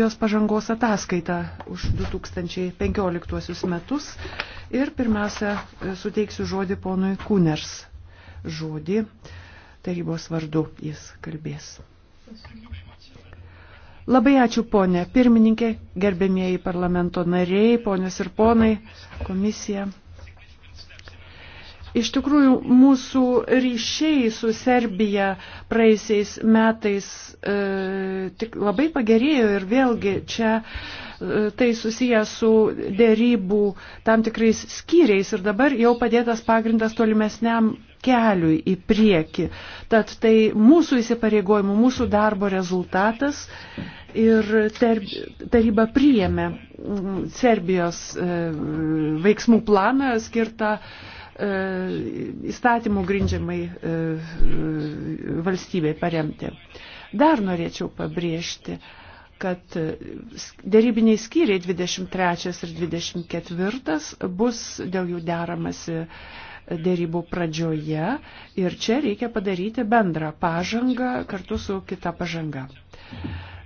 Latvijos pažangos ataskaitą už 2015 metus ir pirmiausia e, suteiksiu žodį ponui Kuners žodį. Tarybos vardu jis kalbės. Labai ačiū ponė pirmininkė, gerbėmieji parlamento nariai, ponios ir ponai, komisija. Iš tikrųjų, mūsų ryšiai su Serbija praeisiais metais e, tik labai pagerėjo ir vėlgi čia e, tai susiję su dėrybų tam tikrais skyriais ir dabar jau padėtas pagrindas tolimesniam keliui į priekį. Tad tai mūsų įsipareigojimų, mūsų darbo rezultatas ir ter, taryba priėmė Serbijos e, veiksmų planą skirtą e, E, įstatymų grindžiamai e, valstybei paremti. Dar norėčiau pabrėžti, kad e, dėrybiniai skyriai 23 ir 24 bus dėl jų deramasi dėrybų pradžioje ir čia reikia padaryti bendrą pažangą kartu su kita pažanga.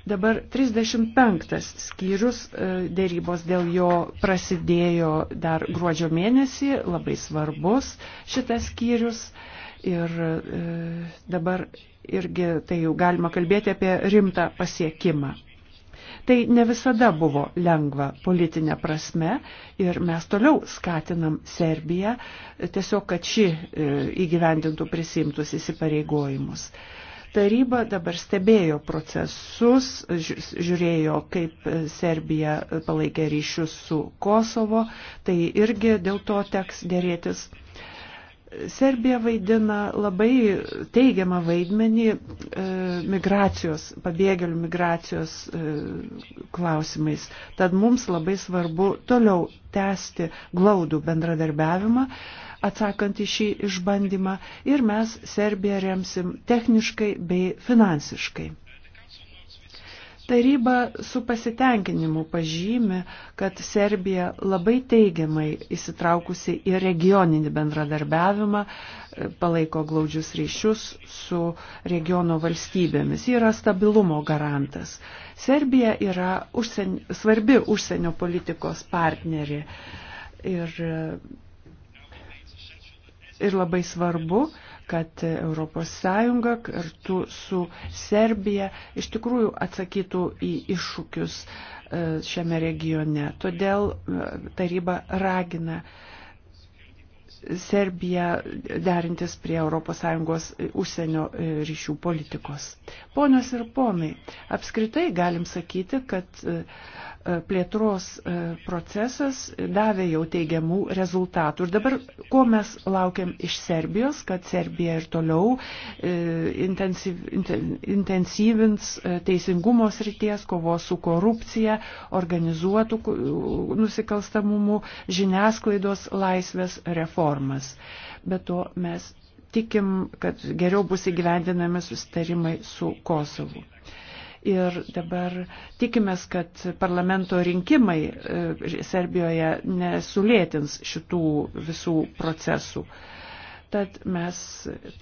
Dabar 35 skyrius e, dėrybos dėl jo prasidėjo dar gruodžio mėnesį, labai svarbus šitas skyrius. Ir e, dabar irgi tai jau galima kalbėti apie rimtą pasiekimą. Tai ne visada buvo lengva politinė prasme ir mes toliau skatinam Serbiją tiesiog, kad ši e, įgyvendintų prisimtus įsipareigojimus. Taryba dabar stebėjo procesus, žiūrėjo, kaip Serbija palaikė ryšius su Kosovo, tai irgi dėl to teks dėrėtis. Serbija vaidina labai teigiamą vaidmenį e, migracijos, pabėgėlių migracijos e, klausimais. Tad mums labai svarbu toliau tęsti glaudų bendradarbiavimą, atsakant į šį išbandymą ir mes Serbiją remsim techniškai bei finansiškai. Taryba su pasitenkinimu pažymi, kad Serbija labai teigiamai įsitraukusi į regioninį bendradarbiavimą, palaiko glaudžius ryšius su regiono valstybėmis, yra stabilumo garantas. Serbija yra užsien, svarbi užsienio politikos partnerė ir ir labai svarbu, kad ES kartu su Serbija iš tikrųjų atsakytų į iššūkius e, šiame regione. Todėl e, taryba ragina Serbiją derintis prie ES užsienio e, ryšių politikos. Ponios ir ponai, apskritai galim sakyti, kad plėtros e, procesas davė jau teigiamų rezultatų. Ir dabar, ko mes laukiam iš Serbijos, kad Serbija ir toliau e, intensyv, intensyvins e, teisingumo srities, kovos su korupcija, organizuotų nusikalstamumu, žiniasklaidos laisvės reformas. Bet to mes tikim, kad geriau bus įgyvendinami susitarimai su Kosovu. Ir dabar tikimės, kad parlamento rinkimai e, Serbijoje nesulėtins šitų visų procesų. Tad mes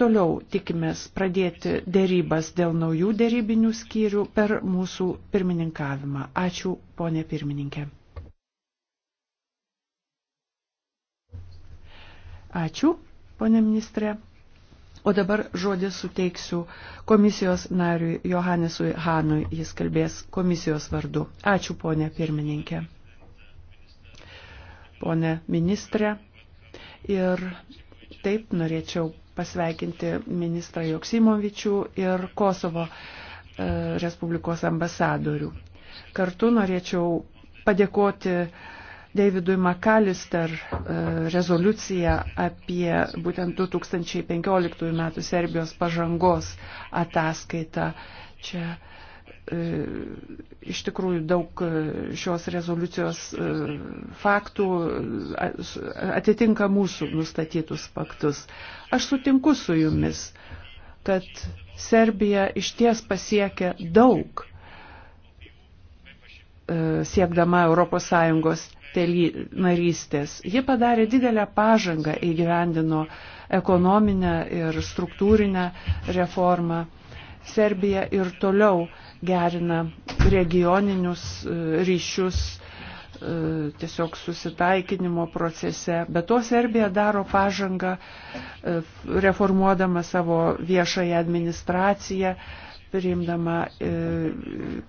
toliau tikimės pradėti dėrybas dėl naujų dėrybinių skyrių per mūsų pirmininkavimą. Ačiū, ponė pirmininkė. Ačiū, ponė ministrė. O dabar žodį suteiksiu komisijos nariui Johannesui Hanui. Jis kalbės komisijos vardu. Ačiū, ponė pirmininkė. Pone ministrė. Ir taip norėčiau pasveikinti ministrą Joksimovičių ir Kosovo e, Respublikos ambasadorių. Kartu norėčiau padėkoti uh, Davidui Makalister e, rezoliuciją apie būtent 2015 metų Serbijos pažangos ataskaitą. Čia e, iš tikrųjų daug e, šios rezoliucijos faktų atitinka mūsų nustatytus faktus. Aš sutinku su jumis, kad Serbija iš ties pasiekė daug siekdama ES narystės. Ji padarė didelę pažangą įgyvendino ekonominę ir struktūrinę reformą. Serbija ir toliau gerina regioninius e, ryšius e, tiesiog susitaikinimo procese. Be to Serbija daro pažangą e, reformuodama savo viešąją administraciją, priimdama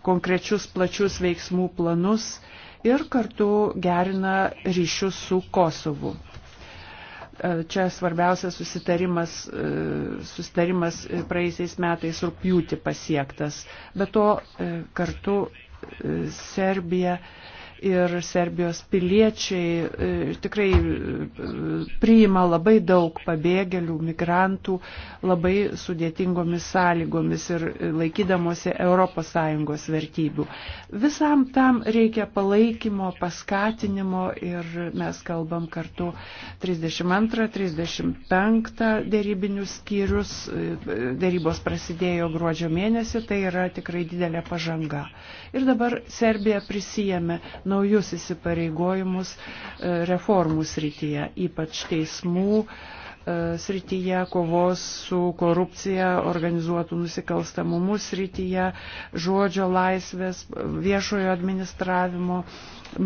konkrečius plačius veiksmų planus ir kartu gerina ryšius su Kosovu. E, čia svarbiausias susitarimas, e, susitarimas praeisiais metais rūpjūti pasiektas. Be to e, kartu Serbija ir Serbijos piliečiai e, tikrai e, priima labai daug pabėgėlių, migrantų labai sudėtingomis sąlygomis ir laikydamosi ES vertybių. Visam tam reikia palaikymo, paskatinimo ir mes kalbam kartu 32-35 dėrybinius skyrius. E, Dėrybos prasidėjo gruodžio mėnesį, tai yra tikrai didelė pažanga. Ir dabar Serbija prisijėmė naujus įsipareigojimus e, reformų srityje, ypač teismų e, srityje, kovos su korupcija, organizuotų nusikalstamumų srityje, žodžio laisvės, viešojo administravimo,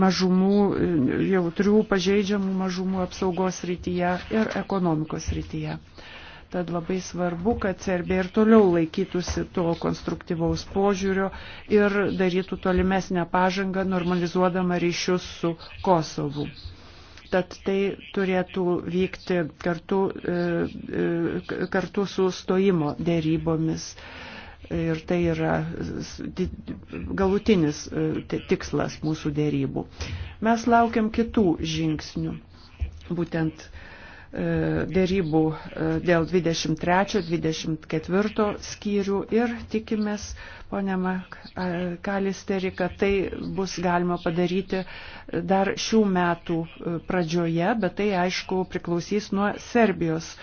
mažumų, e, jautrių pažeidžiamų mažumų apsaugos srityje ir ekonomikos srityje. Tad labai svarbu, kad Serbija ir toliau laikytųsi to konstruktyvaus požiūrio ir darytų tolimesnę pažangą, normalizuodama ryšius su Kosovu tad tai turėtų vykti kartu, e, e, kartu su stojimo dėrybomis. Ir tai yra galutinis e, tikslas mūsų dėrybų. Mes laukiam kitų žingsnių. Būtent uh, E, dėrybų e, dėl 23-24 skyrių ir tikimės, ponė Kalisteri, kad tai bus galima padaryti dar šių metų e, pradžioje, bet tai aišku priklausys nuo Serbijos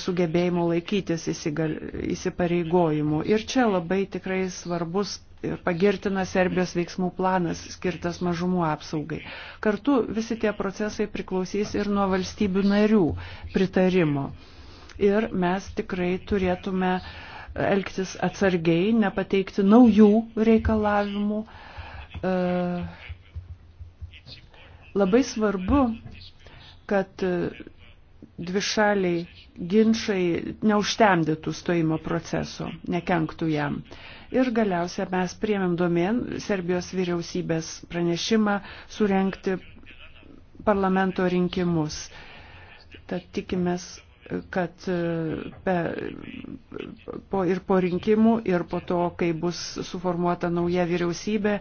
sugebėjimų laikytis įsipareigojimų. Ir čia labai tikrai svarbus ir pagirtina Serbijos veiksmų planas skirtas mažumų apsaugai. Kartu visi tie procesai priklausys ir nuo valstybių narių pritarimo. Ir mes tikrai turėtume elgtis atsargiai, nepateikti naujų reikalavimų. E, labai svarbu, kad dvišaliai ginčiai neužtemdytų stojimo proceso, nekenktų jam. Ir galiausia mes priemėm domėn Serbijos vyriausybės pranešimą surenkti parlamento rinkimus. Tad tikimės, kad be, po, ir po rinkimų, ir po to, kai bus suformuota nauja vyriausybė,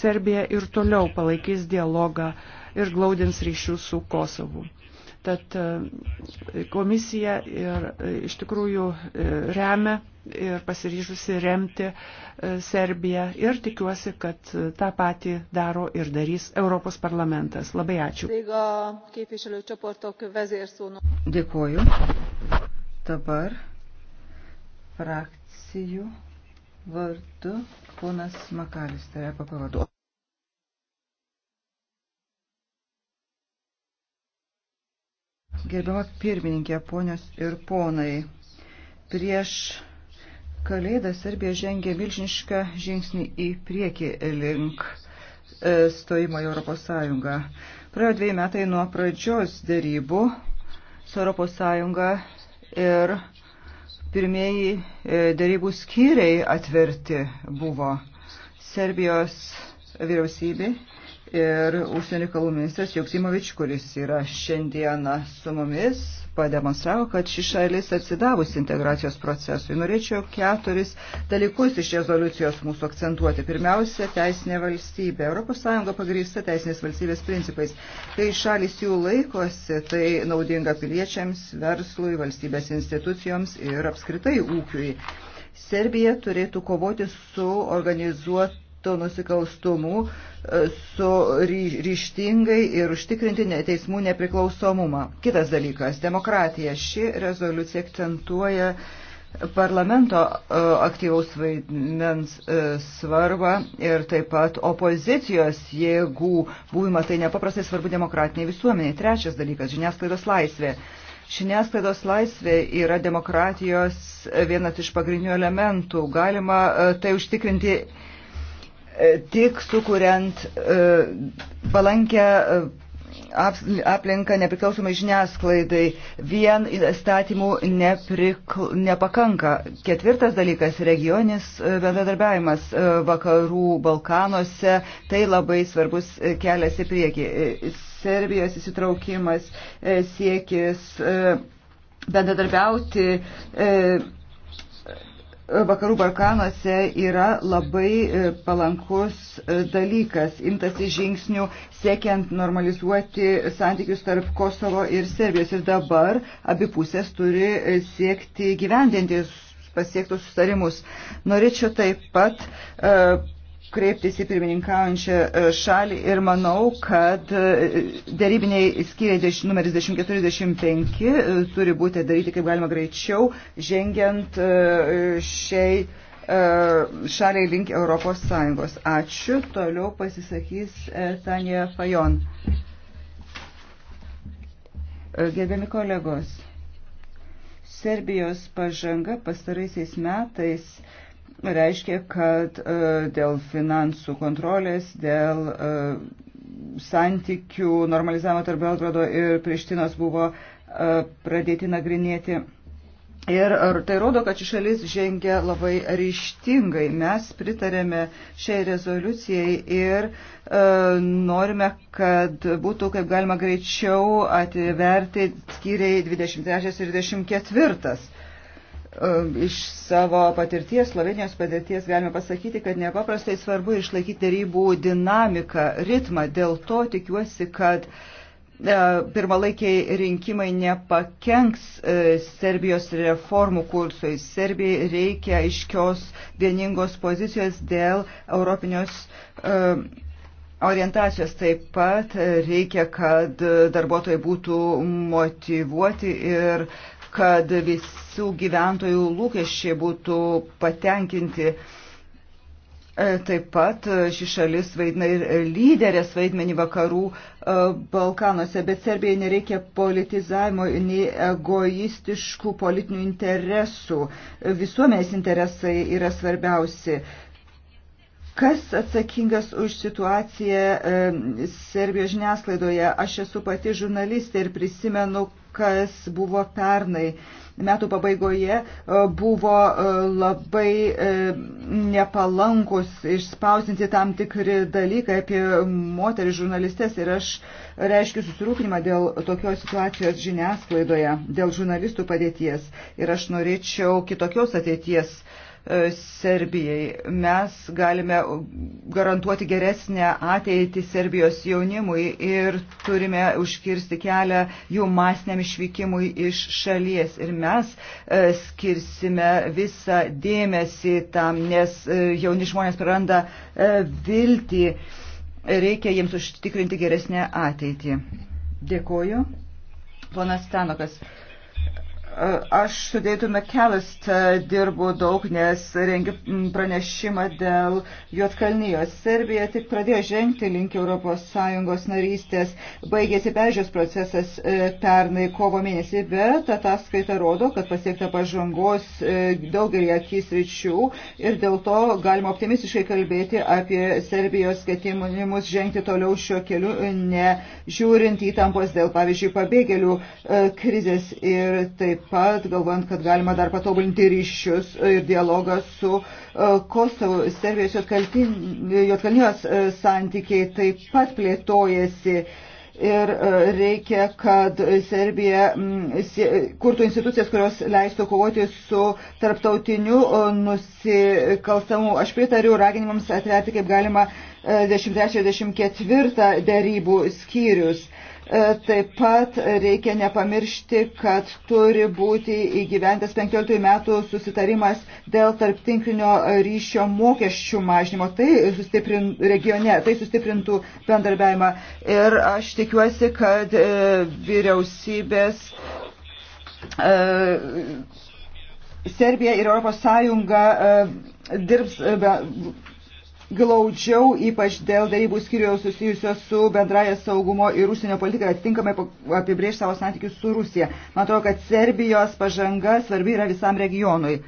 Serbija ir toliau palaikys dialogą ir glaudins ryšius su Kosovu. Tad e, komisija ir e, iš tikrųjų e, remia ir pasiryžusi remti Serbiją ir tikiuosi, kad tą patį daro ir darys Europos parlamentas. Labai ačiū. Dėkuoju. Dabar frakcijų vardu ponas Makalis, tai yra pavaduotojas. Gerbiama pirmininkė, ponios ir ponai, prieš Kalėdą Serbija žengė milžinišką žingsnį į priekį link e, stojimo į Europos Sąjungą. Praėjo dviejai metai nuo pradžios dėrybų su Europos Sąjunga ir pirmieji e, dėrybų skyriai atverti buvo Serbijos vyriausybė ir užsienio reikalų ministras Joksimovič, kuris yra šiandieną su mumis, pademonstravo, kad ši šalis atsidavus integracijos procesui. Norėčiau keturis dalykus iš rezoliucijos mūsų akcentuoti. Pirmiausia, teisinė valstybė. ES pagrįsta teisinės valstybės principais. Kai šalis jų laikosi, tai naudinga piliečiams, verslui, valstybės institucijoms ir apskritai ūkiui. Serbija turėtų kovoti su organizuotu to nusikalstumų e, su ryštingai ir užtikrinti teismų nepriklausomumą. Kitas dalykas - demokratija. Ši rezoliucija akcentuoja parlamento e, aktyvaus vaidmens e, svarbą ir taip pat opozicijos jėgų buvimą. Tai nepaprastai svarbu demokratiniai visuomeniai. Trečias dalykas - žiniasklaidos laisvė. Žiniasklaidos laisvė yra demokratijos vienas iš pagrindinių elementų. Galima tai užtikrinti E, tik sukuriant e, palankę e, aplinką nepriklausomai žiniasklaidai. Vien įstatymų neprikl... nepakanka. Ketvirtas dalykas - regioninis bendradarbiavimas vakarų Balkanuose. Tai labai svarbus kelias į priekį. Serbijos įsitraukimas, siekis bendradarbiauti Vakarų Balkanuose yra labai e, palankus e, dalykas, imtasi žingsnių siekiant normalizuoti santykius tarp Kosovo ir Serbijos. Ir dabar abi pusės turi e, siekti gyvendinti pasiektus sustarimus. Norėčiau taip pat kreiptis į pirmininkaujančią e, šalį ir manau, kad e, darybiniai skyriai numeris 1045 e, turi būti daryti kaip galima greičiau, žengiant šiai šaliai link Europos Sąjungos. Ačiū. Toliau pasisakys Tanja Fajon. Gerbiami kolegos, Serbijos pažanga pastaraisiais metais reiškia, kad e, dėl finansų kontrolės, dėl e, santykių normalizavimo tarp Belgrado ir Prištinos buvo e, pradėti nagrinėti. Ir tai rodo, kad ši šalis žengia labai ryštingai. Mes pritarėme šiai rezoliucijai ir e, norime, kad būtų kaip galima greičiau atverti skyriai 23 ir 24. E, iš savo patirties, Slovenijos patirties galime pasakyti, kad nepaprastai svarbu išlaikyti darybų dinamiką, ritmą. Dėl to tikiuosi, kad e, pirmalaikiai rinkimai nepakenks e, Serbijos reformų kursui. Serbijai reikia aiškios vieningos pozicijos dėl europinios orientacijos. Taip pat reikia, kad darbuotojai būtų motivuoti ir uh, kad visų gyventojų lūkesčiai būtų patenkinti. E, taip pat e, ši šalis vaidina ir lyderės vaidmenį vakarų e, Balkanuose, bet Serbijai nereikia politizavimo, nei egoistiškų politinių interesų. Visuomenės interesai yra svarbiausi. Kas atsakingas už situaciją Serbijos žiniasklaidoje? Aš esu pati žurnalistė ir prisimenu, kas buvo pernai. Metų pabaigoje e, buvo e, labai e, nepalankus išspausinti tam tikri dalykai apie moterį žurnalistės ir aš reiškiu susirūpinimą dėl tokios situacijos žiniasklaidoje, dėl žurnalistų padėties ir aš norėčiau kitokios ateities E, Serbijai. Mes galime garantuoti geresnę ateitį Serbijos jaunimui ir turime užkirsti kelią jų masiniam išvykimui iš šalies. Ir mes e, skirsime visą dėmesį tam, nes e, jauni žmonės praranda viltį. Reikia jiems užtikrinti geresnę ateitį. Dėkoju. Ponas Stanokas. Aš su Deitu McAllister dirbu daug, nes rengiu pranešimą dėl Juotkalnyjos. Serbija tik pradėjo žengti link ES narystės, baigėsi peržiūros procesas e, pernai kovo mėnesį, bet ataskaita rodo, kad pasiekta pažangos e, daugelį akys ryčių ir dėl to galima optimistiškai kalbėti apie Serbijos ketinimus žengti toliau šiuo keliu, nežiūrint įtampos dėl, pavyzdžiui, pabėgėlių e, krizės ir taip taip pat galvojant, kad galima dar patobulinti ryšius ir dialogą su e, Kosovo, Serbijos, Jotkalnijos e, santykiai taip pat plėtojasi ir e, reikia, kad Serbija kurtų institucijas, kurios leistų kovoti su tarptautiniu nusikalstamu. Aš pritariu raginimams atverti kaip galima 13-24 dėrybų skyrius. E, taip pat reikia nepamiršti, kad turi būti įgyventas 15 metų susitarimas dėl tarptinklinio ryšio mokesčių mažnymo. Tai sustiprin, regione, tai sustiprintų bendarbiavimą. Ir aš tikiuosi, kad e, vyriausybės. E, Serbija ir Europos Sąjunga e, dirbs. E, glaudžiau, ypač dėl darybų skyriaus susijusios su bendraja saugumo ir užsienio politika, atitinkamai apibrėž savo santykius su Rusija. Man atrodo, kad Serbijos pažanga svarbi yra visam regionui.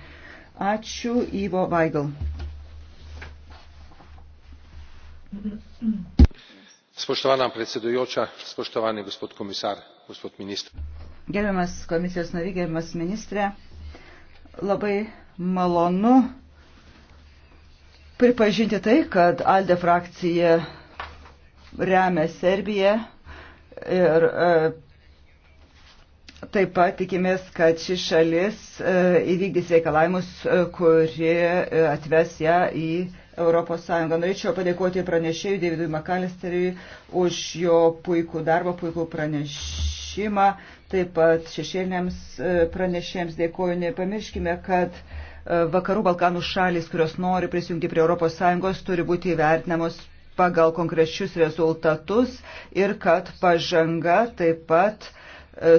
Ačiū, Ivo Vaigal. Spoštovana predsedujoča, spoštovani gospod komisar, gospod ministr. Gerbiamas komisijos nariai, gerbiamas ministrė, labai malonu pripažinti tai, kad Alde frakcija remia Serbiją ir e, taip pat tikimės, kad ši šalis e, įvykdys reikalavimus, e, kurie atves ją į Europos Sąjungą. Norėčiau padėkoti pranešėjui Davidui Makalisteriui už jo puikų darbą, puikų pranešimą. Taip pat šešėliniams pranešėjams dėkoju. Nepamirškime, kad uh, Vakarų Balkanų šalis, kurios nori prisijungti prie ES, turi būti įvertinamos pagal konkrečius rezultatus ir kad pažanga taip pat e,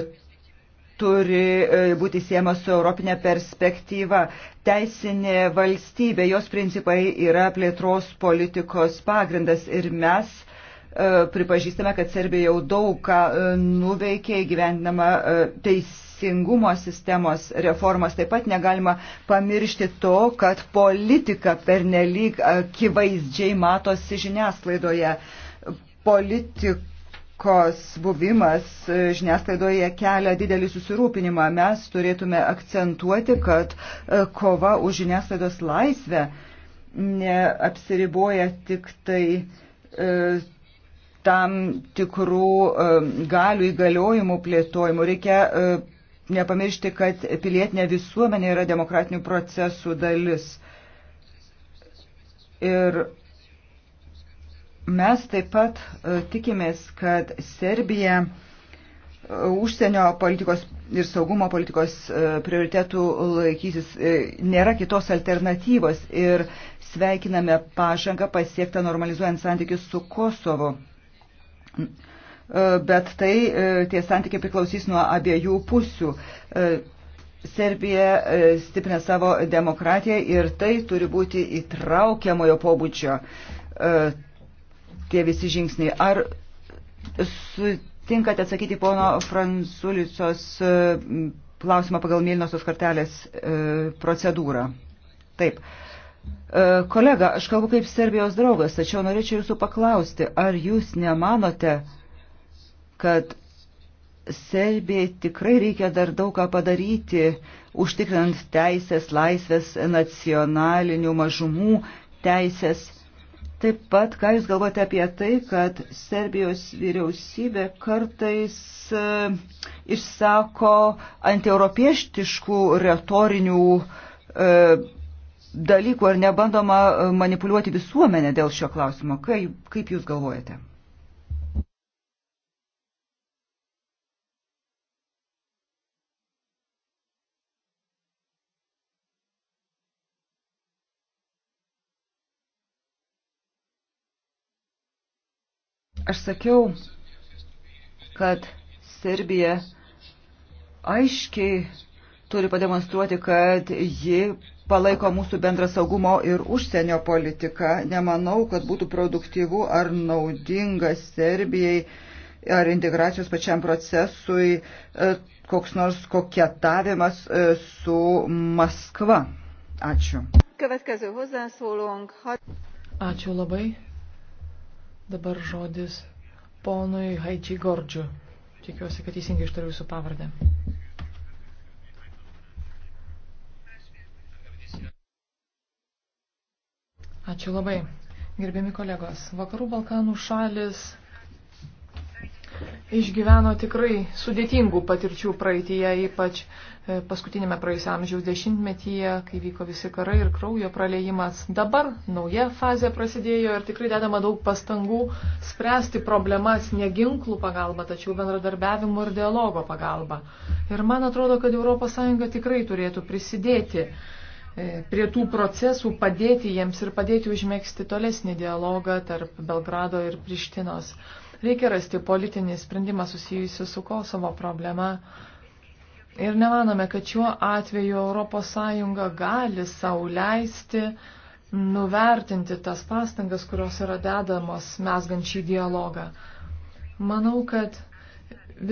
turi e, būti siema su europinė perspektyva. Teisinė valstybė, jos principai yra plėtros politikos pagrindas ir mes e, pripažįstame, kad Serbija jau daug ką nuveikė įgyvendinama teis, teisingumo sistemos reformos. Taip pat negalima pamiršti to, kad politika pernelyg akivaizdžiai matosi žiniasklaidoje. Politik Kos buvimas e, žiniasklaidoje kelia didelį susirūpinimą. Mes turėtume akcentuoti, kad e, kova už žiniasklaidos laisvę neapsiriboja tik tai e, tam tikrų e, galių įgaliojimų plėtojimų. Reikia e, nepamiršti, kad pilietinė visuomenė yra demokratinių procesų dalis. Ir mes taip pat e, tikimės, kad Serbija e, užsienio politikos ir saugumo politikos e, prioritetų laikysis. Nėra kitos alternatyvos ir sveikiname pažangą pasiektą normalizuojant santykius su Kosovu. E, bet tai e, tie santykiai priklausys nuo abiejų pusių. E, Serbija stiprina savo demokratiją ir tai turi būti įtraukiamojo pobūdžio tie visi žingsniai. Ar sutinkate atsakyti pono Fransulicos klausimą pagal mėlynosios kartelės procedūrą? Taip. Kolega, aš kalbu kaip Serbijos draugas, tačiau norėčiau jūsų paklausti, ar jūs nemanote, kad Serbijai tikrai reikia dar daug ką padaryti, užtikrinant teisės, laisvės, nacionalinių mažumų teisės. Taip pat, ką Jūs galvote apie tai, kad Serbijos vyriausybė kartais e, išsako antieuropieškiškų retorinių e, dalykų, ar nebandoma e, manipuliuoti visuomenę dėl šio klausimo? Kaip, kaip Jūs galvojate? Aš sakiau, kad Serbija aiškiai turi pademonstruoti, kad ji palaiko mūsų bendrą saugumo ir užsienio politiką. Nemanau, kad būtų produktyvu ar naudinga Serbijai ar integracijos pačiam procesui e, koks nors koketavimas e, su Maskva. Ačiū. Ačiū labai. Dabar žodis ponui Haičiai Gordžiu. Tikiuosi, kad teisingai ištariu jūsų pavardę. Ačiū labai. Gerbiami kolegos, Vakarų Balkanų šalis išgyveno tikrai sudėtingų patirčių praeitįje, ypač e, paskutinėme praėjusio amžiaus dešimtmetyje, kai vyko visi karai ir kraujo praleimas. Dabar nauja fazė prasidėjo ir tikrai dedama daug pastangų spręsti problemas ne ginklų pagalba, tačiau bendradarbiavimo ir dialogo pagalba. Ir man atrodo, kad ES tikrai turėtų prisidėti e, prie tų procesų, padėti jiems ir padėti užmėgsti tolesnį dialogą tarp Belgrado ir Prištinos. Reikia rasti politinį sprendimą susijusiu su Kosovo problema. Ir nemanome, kad šiuo atveju ES gali sauliaisti nuvertinti tas pastangas, kurios yra dedamos mesgančiai dialogą. Manau, kad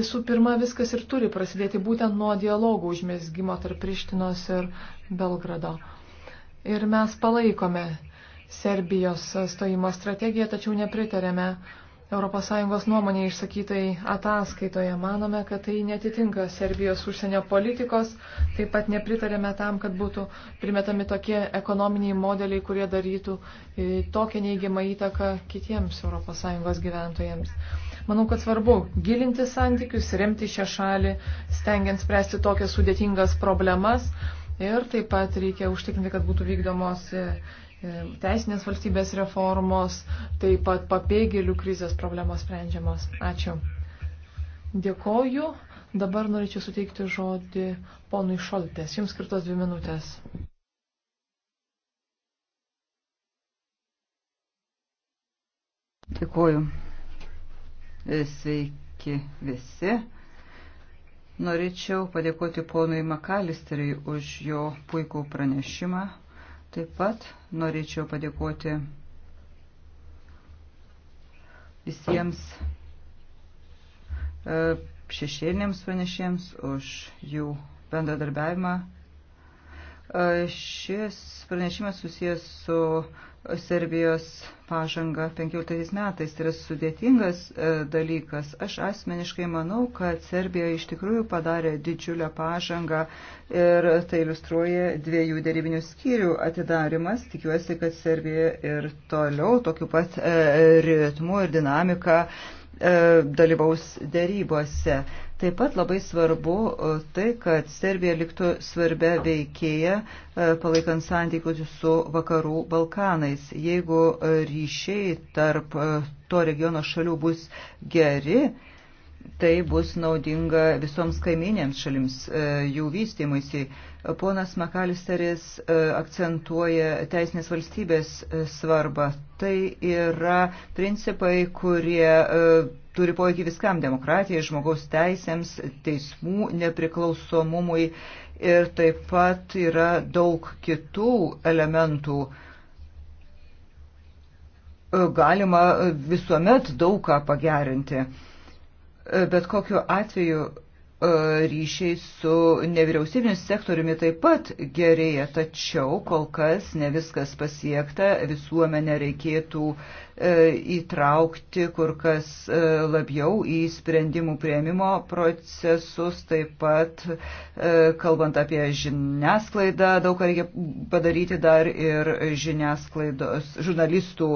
visų pirma viskas ir turi prasidėti būtent nuo dialogų užmėsgymo tarp Prištinos ir Belgrado. Ir mes palaikome Serbijos stojimo strategiją, tačiau nepritarėme ES nuomonė išsakytai ataskaitoje. Manome, kad tai netitinka Serbijos užsienio politikos, taip pat nepritarėme tam, kad būtų primetami tokie ekonominiai modeliai, kurie darytų e, tokią neigiamą įtaką kitiems ES gyventojams. Manau, kad svarbu gilinti santykius, remti šią šalį, stengiant spręsti tokias sudėtingas problemas ir taip pat reikia užtikrinti, kad būtų vykdomos e, E, teisinės valstybės reformos, taip pat papėgėlių krizės problemos sprendžiamos. Ačiū. Dėkoju. Dabar norėčiau suteikti žodį ponui Šoltės. Jums skirtos dvi minutės. Dėkoju. E, sveiki visi. Norėčiau padėkoti ponui Makalisteriai už jo puikų pranešimą, Taip pat norėčiau padėkoti visiems e, šešėliniams pranešėjams už jų bendradarbiavimą. E, šis pranešimas susijęs su Serbijos pažanga 15 metais yra sudėtingas e, dalykas. Aš asmeniškai manau, kad Serbija iš tikrųjų padarė didžiulę pažangą ir tai iliustruoja dviejų dėrybinių skyrių atidarimas. Tikiuosi, kad Serbija ir toliau tokiu pat e, ritmu ir dinamika e, dalyvaus dėrybose. Taip pat labai svarbu e, tai, kad Serbija liktų svarbia veikėja, e, palaikant santykius su vakarų Balkanais. Jeigu e, ryšiai tarp to regiono šalių bus geri, tai bus naudinga visoms kaiminėms šalims jų vystymuisi. Ponas Makalisteris e, akcentuoja teisinės valstybės e, svarbą. Tai yra principai, kurie e, turi poveikį viskam - demokratijai, žmogaus teisėms, teismų nepriklausomumui ir taip pat yra daug kitų elementų. Galima visuomet daug ką pagerinti. Bet kokiu atveju ryšiai su nevyriausybiniu sektoriumi taip pat gerėja, tačiau kol kas ne viskas pasiekta, visuomenę reikėtų E, įtraukti kur kas e, labiau į sprendimų prieimimo procesus, taip pat e, kalbant apie žiniasklaidą, daug ką reikia padaryti dar ir žiniasklaidos žurnalistų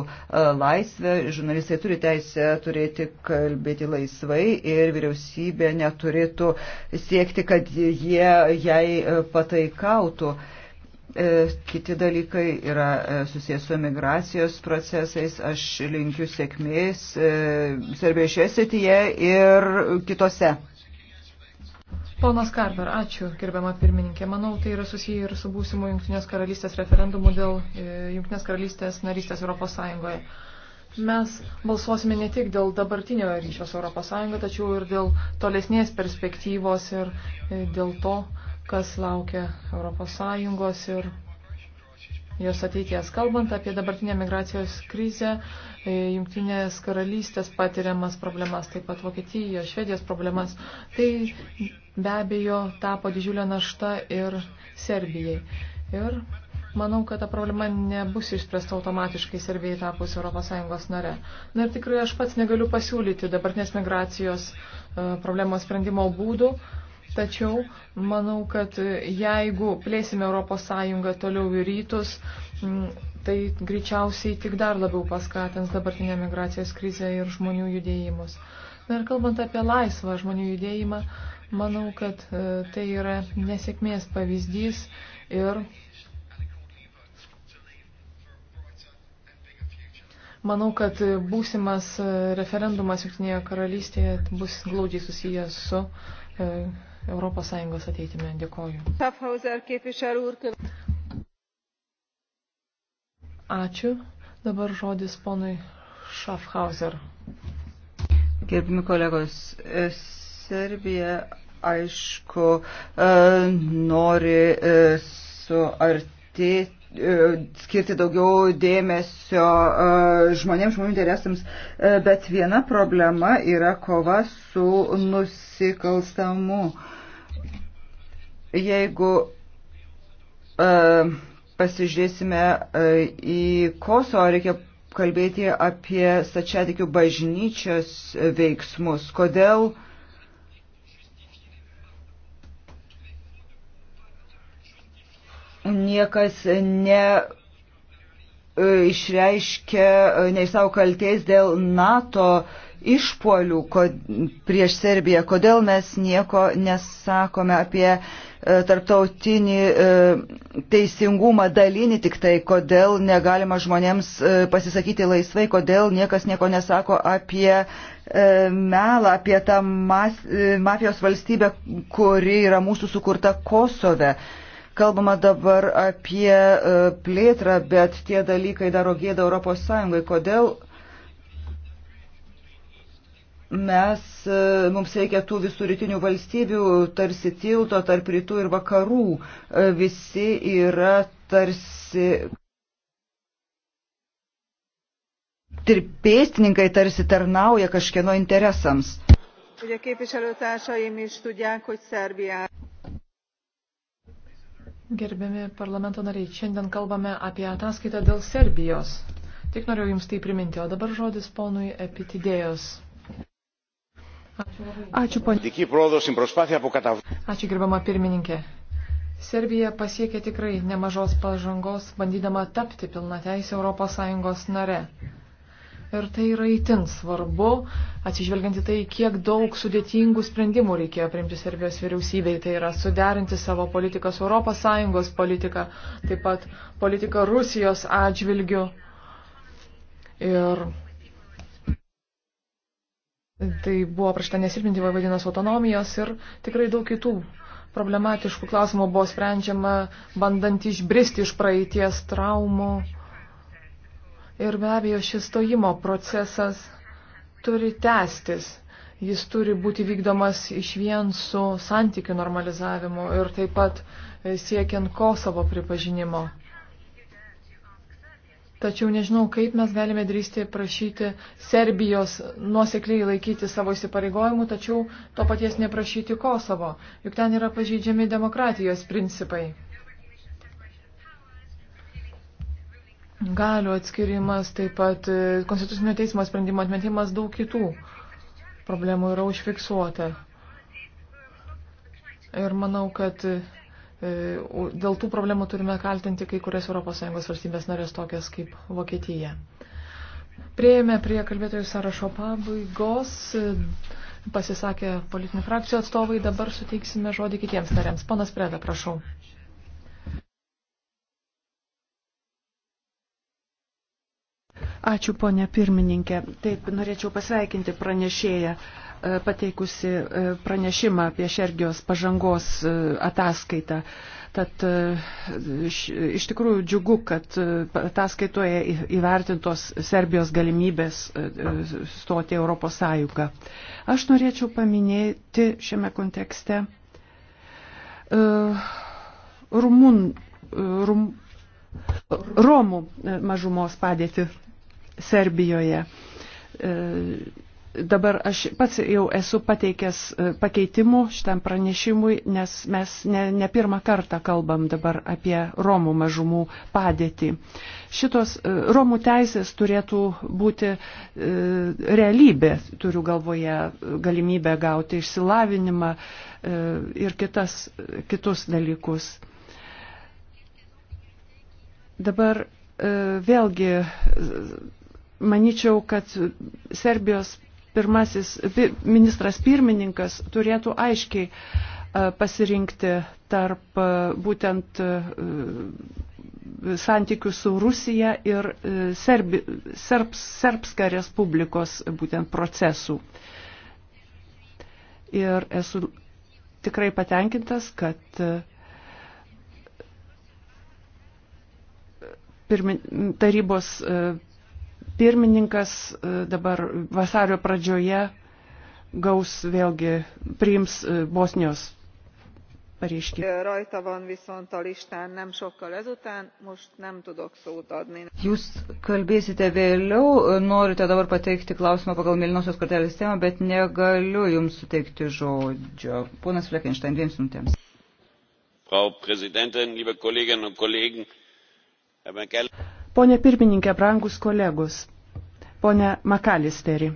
laisvę. Žurnalistai turi teisę turėti kalbėti laisvai ir vyriausybė neturėtų siekti, kad jie jai pataikautų. E, kiti dalykai yra e, susijęs su migracijos procesais. Aš linkiu sėkmės e, Serbijoje šioje srityje ir kitose. Ponas Karver, ačiū, gerbiama pirmininkė. Manau, tai yra susiję ir su būsimu Junktinės karalystės referendumu dėl Junktinės karalystės narystės Europos Sąjungoje. Mes balsuosime ne tik dėl dabartinio ryšio su Europos Sąjunga, tačiau ir dėl tolesnės perspektyvos ir dėl to, kas laukia ES ir jos ateities. Kalbant apie dabartinę migracijos krizę, e, jungtinės karalystės patiriamas problemas, taip pat Vokietijos, Švedijos problemas, tai be abejo tapo didžiulė našta ir Serbijai. Ir manau, kad ta problema nebus išspręsta automatiškai Serbijai tapus ES nare. Na ir tikrai aš pats negaliu pasiūlyti dabartinės migracijos e, problemos sprendimo būdų. Tačiau manau, kad jeigu plėsime ES toliau į rytus, tai greičiausiai tik dar labiau paskatins dabartinę migracijos krizę ir žmonių judėjimus. Na ir kalbant apie laisvą žmonių judėjimą, manau, kad e, tai yra nesėkmės pavyzdys ir Manau, kad būsimas e, referendumas Junktinėje karalystėje bus glaudžiai susijęs su e, ES ateitime. Dėkoju. Ačiū. Dabar žodis ponui Schaffhauser. Gerbimi kolegos, e, Serbija, aišku, e, nori e, suartėti E, skirti daugiau dėmesio e, žmonėms, žmonių interesams, e, bet viena problema yra kova su nusikalstamu. Jeigu pasižiūrėsime į Kosovo, reikia kalbėti apie stačiatikių bažnyčios veiksmus. Kodėl uh, niekas ne e, išreiškia e, neįsau kalties dėl NATO išpolių prieš Serbiją. Kodėl mes nieko nesakome apie e, tarptautinį teisingumą dalinį tik tai, kodėl negalima žmonėms pasisakyti laisvai, kodėl niekas nieko nesako apie melą, apie tą mas, mafijos valstybę, kuri yra mūsų sukurta Kosove. Kalbama dabar apie e, plėtrą, bet tie dalykai daro gėdą Europos Sąjungai. Kodėl mes, e, mums reikia tų visų rytinių valstybių, tarsi tilto tarp rytų ir vakarų. E, visi yra tarsi. Ir pėstininkai tarsi tarnauja kažkieno interesams. Ugye képviselőtársaim is tudják, hogy Szerbiá Gerbiami parlamento nariai, šiandien kalbame apie ataskaitą dėl Serbijos. Tik norėjau Jums tai priminti, o dabar žodis ponui Epitidėjos. Ačiū, Ačiū ponė. Ačiū, gerbama pirmininkė. Serbija pasiekė tikrai nemažos pažangos, bandydama tapti pilna teisė ES nare. Ir tai yra įtin svarbu, atsižvelgiant į tai, kiek daug sudėtingų sprendimų reikėjo priimti Serbijos vyriausybei. Tai yra suderinti savo politiką su ES politika, taip pat politiką Rusijos atžvilgiu. Ir tai buvo prašta nesirpinti vaidinos autonomijos ir tikrai daug kitų problematiškų klausimų buvo sprendžiama, bandant išbristi iš praeities traumų. Ir be abejo, šis stojimo procesas turi tęstis. Jis turi būti vykdomas iš vien su santykių normalizavimu ir taip pat e, siekiant Kosovo pripažinimo. Tačiau nežinau, kaip mes galime drįsti prašyti Serbijos nuosekliai laikyti savo įsipareigojimų, tačiau to paties neprašyti Kosovo, juk ten yra pažydžiami demokratijos principai. galių atskirimas, taip pat e, konstitucinio teismo sprendimo atmetimas daug kitų problemų yra užfiksuota. Ir manau, kad e, e, dėl tų problemų turime kaltinti kai kurias ES valstybės narės tokias kaip Vokietija. Prieėmė prie kalbėtojų sąrašo pabaigos, pasisakė politinių frakcijų atstovai, dabar suteiksime žodį kitiems nariams. Ponas Preda, prašau. Ačiū, ponė pirmininkė. Taip, norėčiau pasveikinti pranešėją e, pateikusi e, pranešimą apie Šergijos pažangos e, ataskaitą. Tad iš tikrųjų džiugu, kad ataskaitoje įvertintos Serbijos galimybės stoti Europos Sąjungą. Aš norėčiau paminėti šiame kontekste rumun, rum, Romų mažumos padėtį Serbijoje. E, dabar aš pats jau esu pateikęs e, pakeitimų šitam pranešimui, nes mes ne, ne pirmą kartą kalbam dabar apie Romų mažumų padėtį. Šitos e, Romų teisės turėtų būti realybė, turiu galvoje galimybę gauti išsilavinimą ir kitas, kitus dalykus. Dabar vėlgi manyčiau, kad Serbijos pirmasis ministras pirmininkas turėtų aiškiai e, pasirinkti tarp e, būtent e, santykių su Rusija ir Serbi, Serbs, Serbska Respublikos būtent procesų. Ir esu tikrai patenkintas, kad pirmin, tarybos pirmininkas e, dabar vasario pradžioje gaus vėlgi priims e, Bosnijos pareiškimą. E, Jūs kalbėsite vėliau, norite dabar pateikti klausimą pagal Milinosios kortelės temą, bet negaliu jums suteikti žodžio. Ponas Fleckenstein, dviems minutėms. Frau Präsidentin, liebe Kolleginnen und Kollegen, Herr Merkel. Pone pirmininkė, brangus kolegos, pone Makalisteri,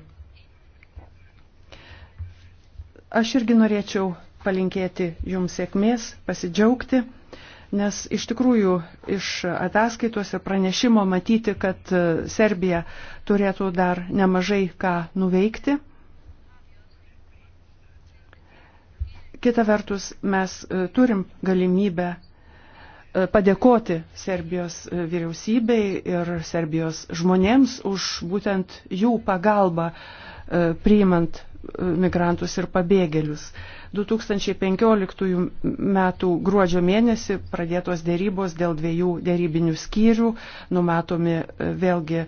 aš irgi norėčiau palinkėti jums sėkmės, pasidžiaugti, nes iš tikrųjų iš ataskaitos ir pranešimo matyti, kad e, Serbija turėtų dar nemažai ką nuveikti. Kita vertus, mes e, turim galimybę E, padėkoti Serbijos e, vyriausybei ir Serbijos žmonėms už būtent jų pagalbą e, priimant migrantus ir pabėgėlius. 2015 m. gruodžio mėnesį pradėtos dėrybos dėl dviejų dėrybinių skyrių, numatomi vėlgi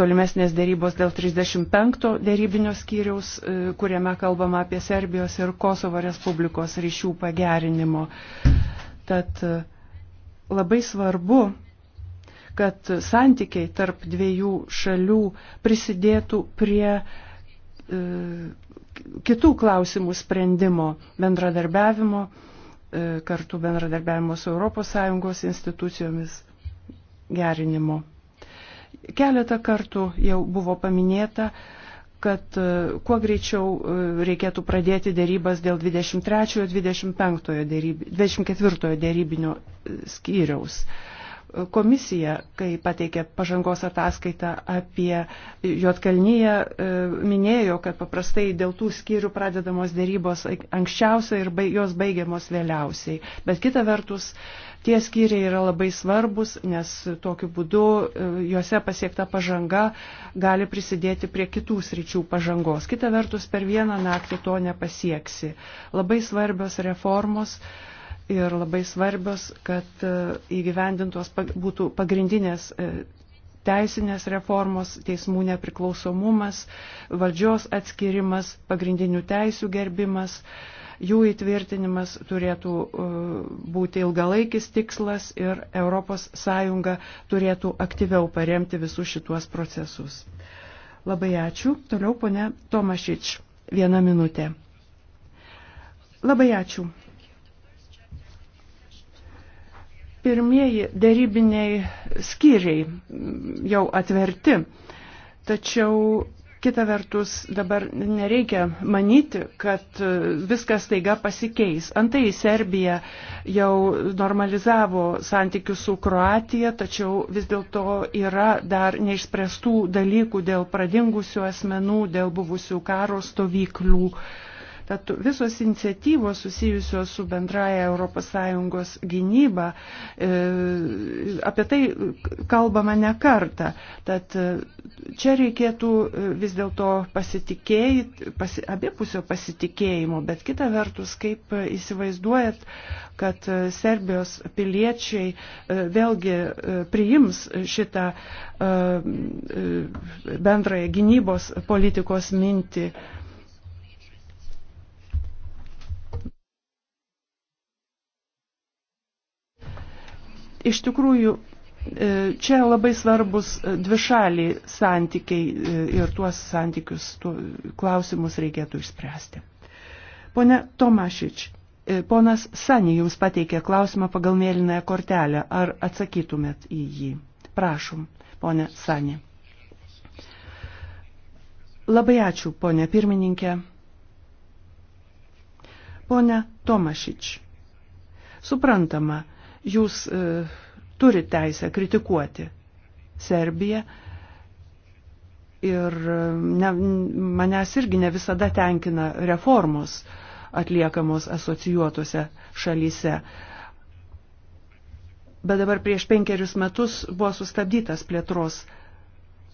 tolimesnės dėrybos dėl 35 dėrybinio skyriaus, kuriame kalbama apie Serbijos ir Kosovo Respublikos ryšių pagerinimo. Tad uh, labai svarbu, kad santykiai tarp dviejų šalių prisidėtų prie e, kitų klausimų sprendimo, bendradarbiavimo, e, kartu bendradarbiavimo su ES institucijomis gerinimo. Keletą kartų jau buvo paminėta, kad e, kuo greičiau e, reikėtų pradėti dėrybas dėl 23-24 dėryb, dėrybinio e, skyriaus. Komisija, kai pateikė pažangos ataskaitą apie Jotkalnyje, minėjo, kad paprastai dėl tų skyrių pradedamos dėrybos anksčiausiai ir jos baigiamos vėliausiai. Bet kita vertus, Tie skyriai yra labai svarbus, nes tokiu būdu e, juose pasiekta pažanga gali prisidėti prie kitų sričių pažangos. Kita vertus, per vieną naktį to nepasieksi. Labai svarbios reformos ir labai svarbios, kad e, įgyvendintos būtų pagrindinės e, teisinės reformos, teismų nepriklausomumas, valdžios atskirimas, pagrindinių teisių gerbimas, Jų įtvirtinimas turėtų e, būti ilgalaikis tikslas ir ES turėtų aktyviau paremti visus šituos procesus. Labai ačiū. Toliau ponė Tomašič. Vieną minutę. Labai ačiū. Pirmieji dėrybiniai skyriai jau atverti, tačiau Kita vertus, dabar nereikia manyti, kad e, viskas taiga pasikeis. Antai Serbija jau normalizavo santykius su Kroatija, tačiau vis dėlto yra dar neišspręstų dalykų dėl pradingusių asmenų, dėl buvusių karo stovyklių. Uh, Tad visos iniciatyvos susijusios su bendraja ES gynyba, e, apie tai kalbama ne kartą. Tad e, čia reikėtų e, vis dėlto pasi, abipusio pasitikėjimo, bet kita vertus, kaip įsivaizduojat, kad Serbijos piliečiai vėlgi priims šitą bendrąją gynybos politikos mintį. Iš tikrųjų, e, čia labai svarbus e, dvišaliai santykiai e, ir tuos santykius, tuo, klausimus reikėtų išspręsti. Pone Tomašič, ponas Sani jums pateikė klausimą pagal mėlynąją kortelę. Ar atsakytumėt į jį? Prašom, ponė Sani. Labai ačiū, ponė pirmininkė. Pone Tomašič, suprantama, jūs e, turi teisę kritikuoti Serbiją. Ir e, ne, manęs irgi ne visada tenkina reformos atliekamos asocijuotose šalyse. Bet dabar prieš penkerius metus buvo sustabdytas plėtros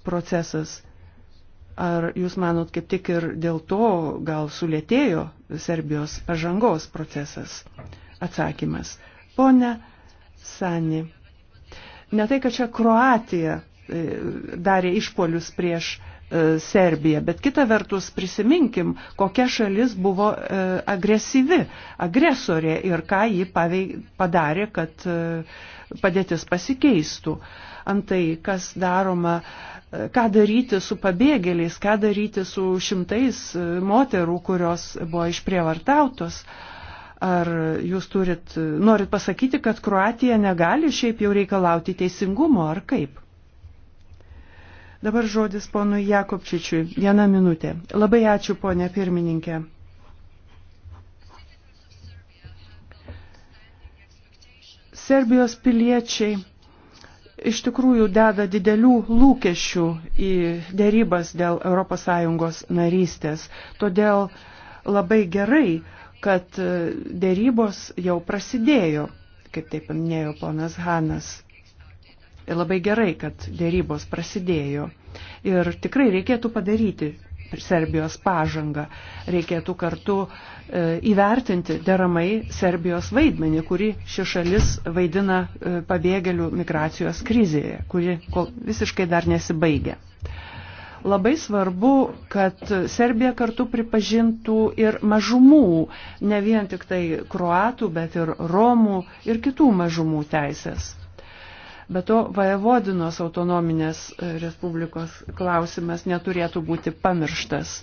procesas. Ar jūs manot, kaip tik ir dėl to gal sulėtėjo Serbijos pažangos procesas? Atsakymas. Pone Sani. Ne tai, kad čia Kroatija e, darė išpolius prieš e, Serbiją, bet kita vertus prisiminkim, kokia šalis buvo e, agresyvi, agresorė ir ką ji paveik, padarė, kad padėtis pasikeistų. Antai, kas daroma, ką daryti su pabėgėliais, ką daryti su šimtais moterų, kurios buvo išprievartautos. Uh, Ar jūs turit, norit pasakyti, kad Kroatija negali šiaip jau reikalauti teisingumo, ar kaip? Dabar žodis ponui Jakobčičiui. Viena minutė. Labai ačiū, ponė pirmininkė. Serbijos piliečiai iš tikrųjų deda didelių lūkesčių į dėrybas dėl ES narystės. Todėl labai gerai, kad e, dėrybos jau prasidėjo, kaip taip paminėjo ponas Hanas. Ir labai gerai, kad dėrybos prasidėjo. Ir tikrai reikėtų padaryti Serbijos pažangą. Reikėtų kartu e, įvertinti deramai Serbijos vaidmenį, kurį ši šalis vaidina e, pabėgėlių migracijos krizėje, kuri kol, visiškai dar nesibaigia. E, Labai svarbu, kad Serbija kartu pripažintų ir mažumų, ne vien tik tai kroatų, bet ir romų ir kitų mažumų teisės. Be to, Vajavodinos autonominės e, respublikos klausimas neturėtų būti pamirštas.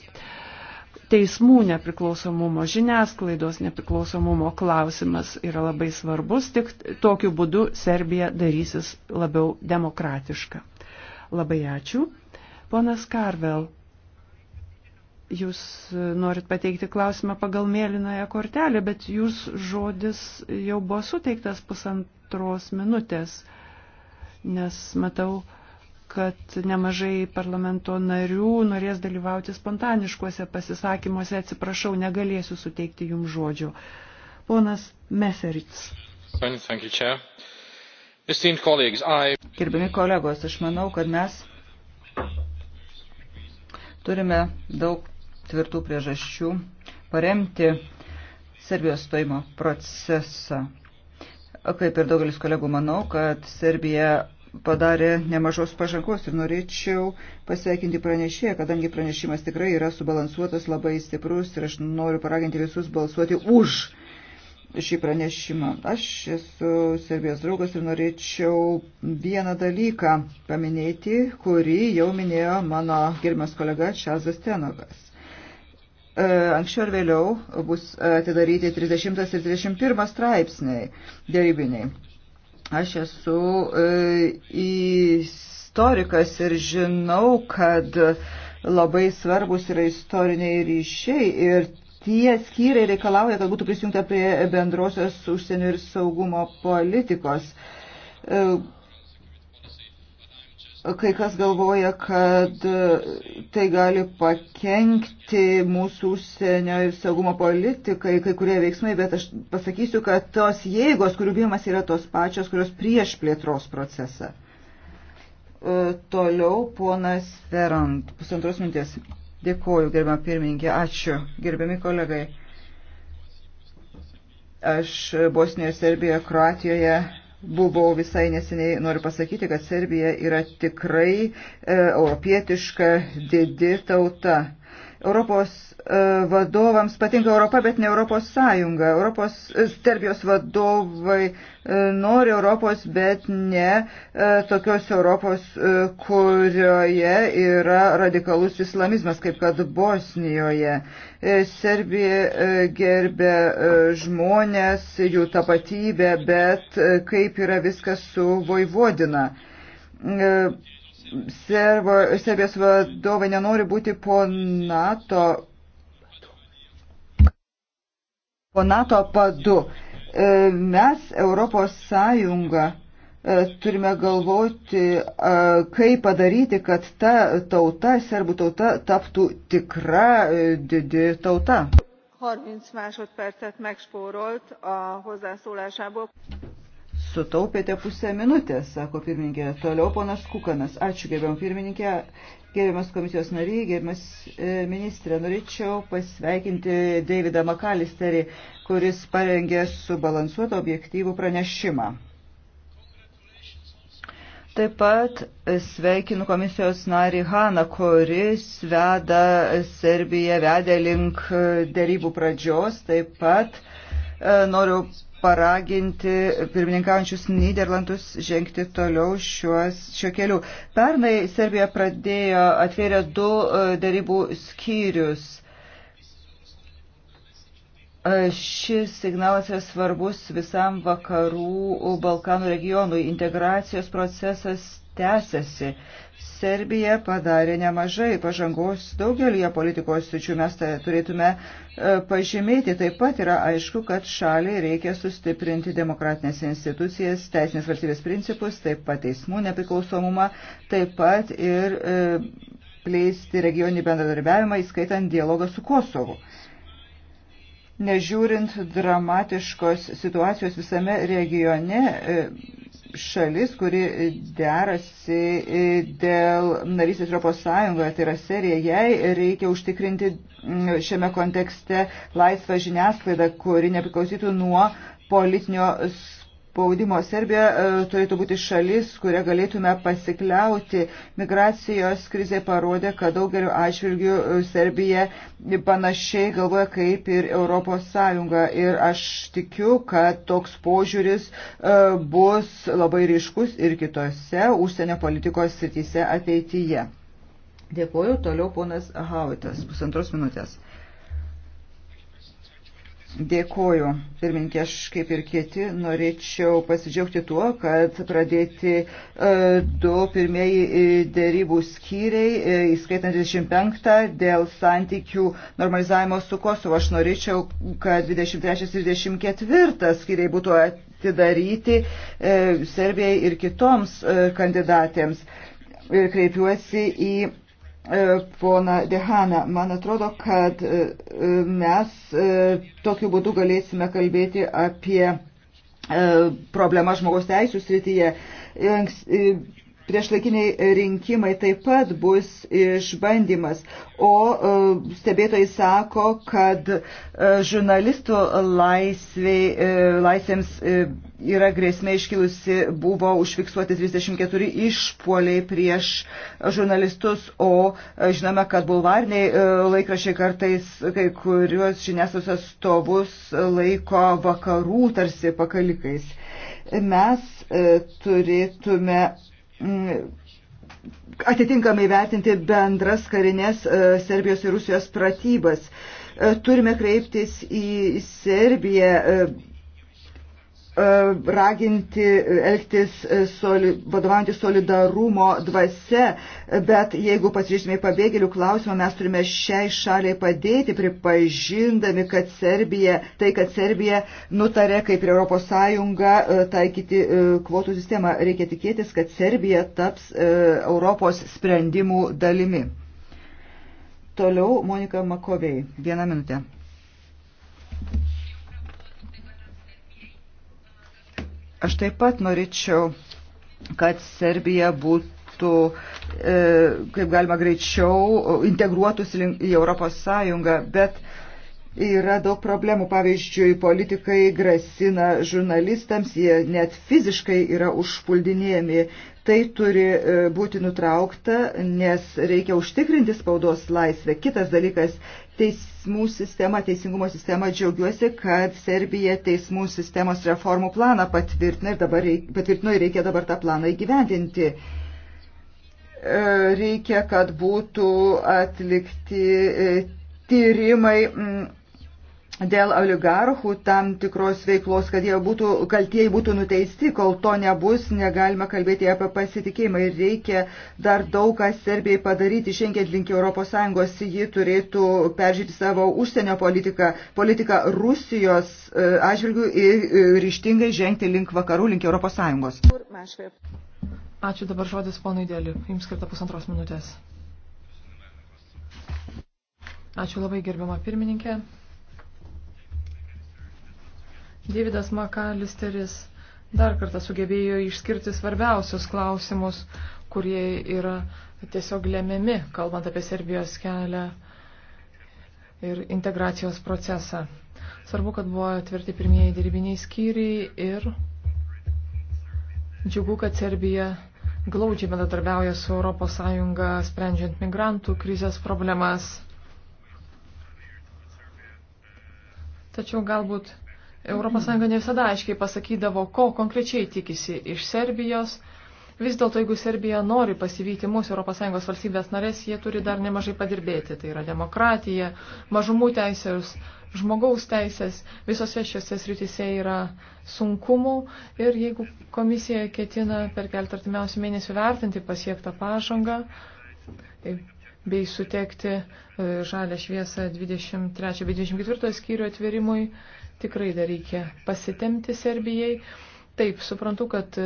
Teismų nepriklausomumo, žiniasklaidos nepriklausomumo klausimas yra labai svarbus, tik tokiu būdu Serbija darysis labiau demokratiška. Labai ačiū. Ponas Karvel, jūs norit pateikti klausimą pagal mėlynąją kortelę, bet jūs žodis jau buvo suteiktas pusantros minutės, nes matau, kad nemažai parlamento narių norės dalyvauti spontaniškuose pasisakymuose. Atsiprašau, negalėsiu suteikti jums žodžio. Ponas Meserits. Gerbiami kolegos, aš manau, kad mes Turime daug tvirtų priežasčių paremti Serbijos stojimo procesą. Kaip ir daugelis kolegų manau, kad Serbija padarė nemažos pažangos ir norėčiau pasveikinti pranešėją, kadangi pranešimas tikrai yra subalansuotas, labai stiprus ir aš noriu paraginti visus balsuoti už šį pranešimą. Aš esu Serbijos draugas ir norėčiau vieną dalyką paminėti, kurį jau minėjo mano gerbiamas kolega Čazas Tenogas. E, anksčiau ir vėliau bus atidaryti 30 ir 31 straipsniai dėrybiniai. Aš esu e, istorikas ir žinau, kad labai svarbus yra istoriniai ryšiai ir tie skyriai reikalauja, kad būtų prisijungta prie bendrosios užsienio ir saugumo politikos. E, kai kas galvoja, kad tai gali pakenkti mūsų užsienio ir saugumo politikai, kai kurie veiksmai, bet aš pasakysiu, kad tos jėgos, kurių bijimas yra tos pačios, kurios prieš plėtros procesą. E, toliau ponas Ferrand, pusantros minties. Dėkuoju, gerbiamą pirmininkė, ačiū, gerbiami kolegai. Aš Bosnijoje, Serbijoje, Kroatijoje buvau visai neseniai, noriu pasakyti, kad Serbija yra tikrai e, europietiška didi tauta Europos e, vadovams patinka Europa, bet ne Europos Sąjunga. Europos e, Serbijos vadovai e, nori Europos, bet ne tokios Europos, kurioje yra radikalus islamizmas, kaip kad Bosnijoje. Serbija gerbė žmonės, jų tapatybę, bet kaip yra viskas su Vojvodina Serbo, Serbijos vadovai nenori būti po NATO, po NATO padu. E, mes, Europos Sąjunga, e, turime galvoti, e, kaip padaryti, kad ta tauta, serbų tauta, taptų tikra didi tauta. 30 másodpercet megspórolt a hozzászólásából. Sutaupėte pusę minutės, sako pirmininkė. Toliau ponas Kukanas. Ačiū, gerbiam pirmininkė. Gerbiamas komisijos nariai, gerbiamas e, ministrė, norėčiau pasveikinti Davidą Makalisterį, kuris parengė subalansuotą objektyvų pranešimą. Taip pat sveikinu komisijos narį Haną, kuris veda Serbiją, vedė link dėrybų pradžios. Taip pat e, noriu paraginti pirmininkaujančius Niderlandus žengti toliau šiuos, šiuo keliu. Pernai Serbija pradėjo, atvėrė du e, darybų skyrius. E, šis signalas yra svarbus visam vakarų Balkanų regionui. Integracijos procesas tęsiasi. Serbija padarė nemažai pažangos daugelį politikos sričių, mes tai turėtume e, pažymėti. Taip pat yra aišku, kad šaliai reikia sustiprinti demokratinės institucijas, teisinės valstybės principus, taip pat teismų nepriklausomumą, taip pat ir e, plėsti regioninį bendradarbiavimą, įskaitant dialogą su Kosovu. Nežiūrint dramatiškos situacijos visame regione, e, šalis, kuri derasi e, dėl narysės Europos Sąjungoje, tai yra serija, jai reikia užtikrinti šiame kontekste laisvą žiniasklaidą, kuri nepriklausytų nuo politinio spaudimo. Serbija e, turėtų būti šalis, kurią galėtume pasikliauti. Migracijos krizė parodė, kad daugeliu atžvilgių e, Serbija panašiai galvoja kaip ir Europos Sąjunga. Ir aš tikiu, kad toks požiūris e, bus labai ryškus ir kitose užsienio politikos srityse ateityje. Dėkuoju, toliau ponas Hautas, pusantros minutės. Dėkoju, pirmininkė, aš kaip ir kiti norėčiau pasidžiaugti tuo, kad pradėti e, du pirmieji e, dėrybų skyriai, e, įskaitant 25 dėl santykių normalizavimo su Kosovo. Aš norėčiau, kad 23 ir 24 skyriai būtų atidaryti e, Serbijai ir kitoms e, kandidatėms. Ir kreipiuosi į E, pona Dehana, man atrodo, kad e, mes e, tokiu būdu galėsime kalbėti apie problemą žmogaus teisų srityje priešlaikiniai rinkimai taip pat bus išbandymas. O e, stebėtojai sako, kad e, žurnalistų laisvė, e, laisvėms yra grėsmė iškilusi, buvo užfiksuoti 34 išpoliai prieš žurnalistus, o žinome, kad bulvarniai laikrašiai kartais kai kuriuos žiniasklaidos atstovus laiko vakarų tarsi pakalikais. Mes turėtume Mm, atitinkamai vertinti bendras karinės e, Serbijos ir Rusijos pratybas. E, turime kreiptis į Serbiją e, E, raginti e, elgtis e, soli, vadovantis solidarumo dvasia, bet jeigu pasižiūrėsime į pabėgėlių klausimą, mes turime šiai šaliai padėti, pripažindami, kad Serbija, tai, kad Serbija nutarė kaip ir ES taikyti kvotų sistemą, reikia tikėtis, kad Serbija taps Europos sprendimų dalimi. Toliau Monika Makovei. Vieną minutę. Aš taip pat norėčiau, kad Serbija būtų, e, kaip galima greičiau, integruotus į Europos Sąjungą, bet yra daug problemų. Pavyzdžiui, politikai grasina žurnalistams, jie net fiziškai yra užpuldinėjami. Tai turi e, būti nutraukta, nes reikia užtikrinti spaudos laisvę. Kitas dalykas teismų sistema, teisingumo sistema, džiaugiuosi, kad Serbija teismų sistemos reformų planą patvirtino ir, dabar, patvirtino ir reikia dabar tą planą įgyvendinti. E, reikia, kad būtų atlikti e, tyrimai dėl oligarchų tam tikros veiklos, kad jie būtų, kaltieji būtų nuteisti, kol to nebus, negalima kalbėti apie pasitikėjimą ir reikia dar daug ką Serbijai padaryti, šiandien link ES ji turėtų peržiūrėti savo užsienio politiką, politiką Rusijos e, atžvilgių ir e, ryštingai žengti link vakarų, link ES. Ačiū dabar žodis ponui Dėliu. Jums skirta pusantros minutės. Ačiū labai gerbiama pirmininkė. Davidas Makalisteris dar kartą sugebėjo išskirti svarbiausius klausimus, kurie yra tiesiog lemiami, kalbant apie Serbijos kelią ir integracijos procesą. Svarbu, kad buvo atverti pirmieji dirbiniai skyriai ir džiugu, kad Serbija glaudžiai bendradarbiauja su ES, sprendžiant migrantų krizės problemas. Tačiau galbūt ES ne visada aiškiai pasakydavo, ko konkrečiai tikisi iš Serbijos. Vis dėlto, jeigu Serbija nori pasivyti mūsų ES valstybės narės, jie turi dar nemažai padirbėti. Tai yra demokratija, mažumų teisės, žmogaus teisės, visose šiose srityse yra sunkumų ir jeigu komisija ketina per keltą artimiausių mėnesių vertinti pasiektą pažangą tai bei sutekti e, žalę šviesą 23-24 skyrių atvirimui, Tikrai dar reikia pasitemti Serbijai. Taip, suprantu, kad e,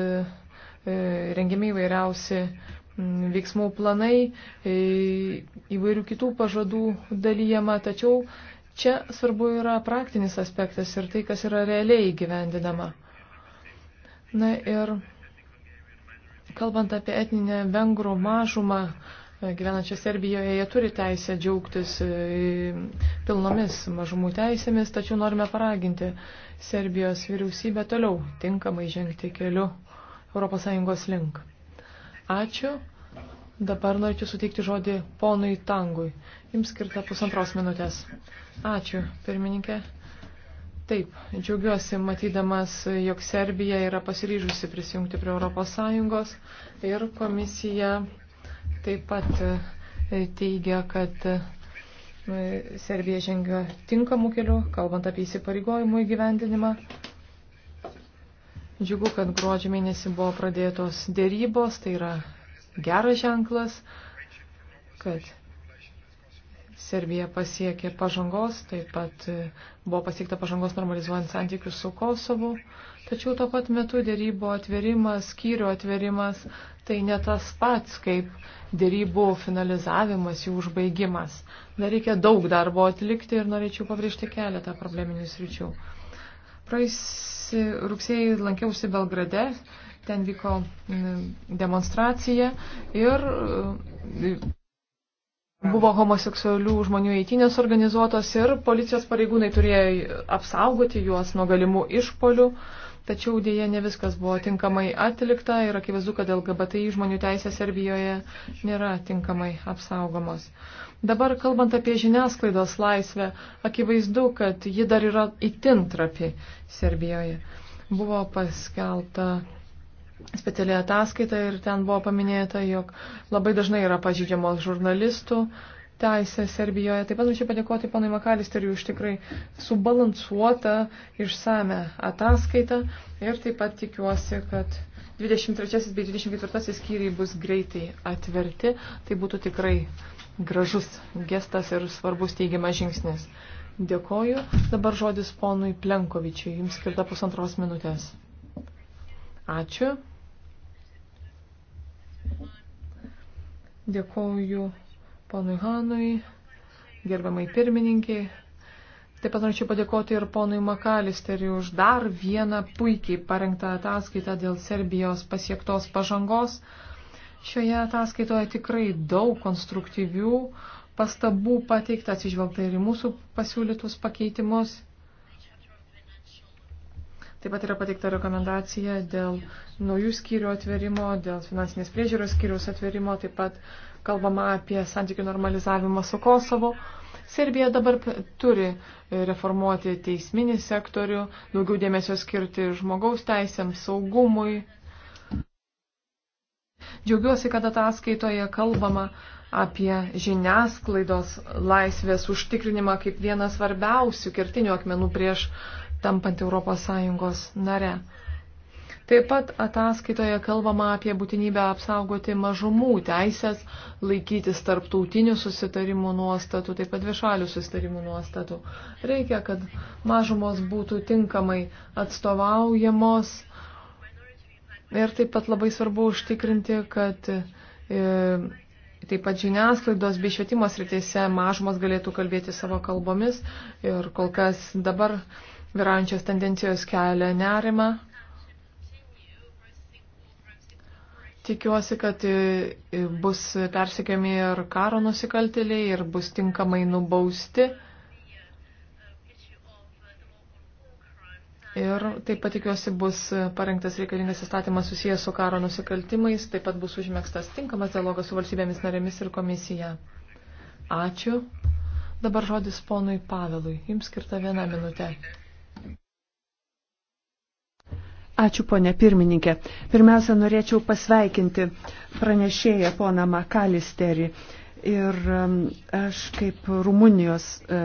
e, rengiami įvairiausi veiksmų planai, e, įvairių kitų pažadų dalyjama, tačiau čia svarbu yra praktinis aspektas ir tai, kas yra realiai gyvendinama. Na ir kalbant apie etninę vengrų mažumą, gyvenančią Serbijoje, jie turi teisę džiaugtis e, pilnomis mažumų teisėmis, tačiau norime paraginti Serbijos vyriausybę toliau tinkamai žengti keliu ES link. Ačiū. Dabar norėčiau suteikti žodį ponui Tangui. Jums skirta pusantros minutės. Ačiū, pirmininkė. Taip, džiaugiuosi matydamas, jog Serbija yra pasiryžusi prisijungti prie ES ir komisija taip pat e, teigia, kad e, Serbija žengia tinkamų kelių, kalbant apie įsipareigojimų įgyvendinimą. Džiugu, kad gruodžio mėnesį buvo pradėtos dėrybos, tai yra geras ženklas, kad Serbija pasiekė pažangos, taip pat e, buvo pasiekta pažangos normalizuojant santykius su Kosovu. Tačiau tuo pat metu dėrybų atverimas, skyrių atverimas, tai ne tas pats kaip dėrybų finalizavimas, jų užbaigimas. Dar reikia daug darbo atlikti ir norėčiau pabrėžti keletą probleminių sričių. Praėjusį rugsėjį lankiausi Belgrade, ten vyko mm, demonstracija ir mm, buvo homoseksualių žmonių eitinės organizuotos ir policijos pareigūnai turėjo apsaugoti juos nuo galimų išpolių tačiau dėje ne viskas buvo tinkamai atlikta ir akivaizdu, kad LGBTI žmonių teisės Serbijoje nėra tinkamai apsaugomos. Dabar kalbant apie žiniasklaidos laisvę, akivaizdu, kad ji dar yra itin trapi Serbijoje. Buvo paskelta speciali ataskaita ir ten buvo paminėta, jog labai dažnai yra pažydžiamos žurnalistų, uh, teisę Serbijoje. Taip pat norėčiau padėkoti panai Makalisteriu už tikrai subalansuotą, išsame ataskaitą ir taip pat tikiuosi, kad 23 bei 24 skyriai bus greitai atverti. Tai būtų tikrai gražus gestas ir svarbus teigiamas žingsnis. Dėkoju. Dabar žodis ponui Plenkovičiui. Jums skirta pusantros minutės. Ačiū. Dėkoju ponui Hanui, gerbiamai pirmininkiai. Taip pat norėčiau padėkoti ir ponui Makalisteriui už dar vieną puikiai parengtą ataskaitą dėl Serbijos pasiektos pažangos. Šioje ataskaitoje tikrai daug konstruktyvių pastabų pateikta atsižvelgta ir į mūsų pasiūlytus pakeitimus. Taip pat yra pateikta rekomendacija dėl naujų skyrių atverimo, dėl finansinės priežiūros skyrius atverimo, taip pat kalbama apie santykių normalizavimą su Kosovo. Serbija dabar turi reformuoti teisminį sektorių, daugiau dėmesio skirti žmogaus teisėms, saugumui. Džiaugiuosi, kad ataskaitoje kalbama apie žiniasklaidos laisvės užtikrinimą kaip vieną svarbiausių kertinių akmenų prieš tampant Europos Sąjungos nare. Taip pat ataskaitoje kalbama apie būtinybę apsaugoti mažumų teisės, laikytis tarptautinių susitarimų nuostatų, taip pat višalių susitarimų nuostatų. Reikia, kad mažumos būtų tinkamai atstovaujamos ir taip pat labai svarbu užtikrinti, kad e, taip pat žiniasklaidos bei švietimo srityse mažumos galėtų kalbėti savo kalbomis ir kol kas dabar vyraujančios tendencijos kelia nerimą. Tikiuosi, kad e, e, bus persikiami ir karo nusikaltėliai, ir bus tinkamai nubausti. Ir taip pat tikiuosi bus parengtas reikalingas įstatymas susijęs su karo nusikaltimais, taip pat bus užmėgstas tinkamas dialogas su valstybėmis narėmis ir komisija. Ačiū. Dabar žodis ponui Pavelui. Jums skirta viena minutė. Ačiū, ponė pirmininkė. Pirmiausia, norėčiau pasveikinti pranešėją poną Makalisterį. Ir um, aš kaip Rumunijos e,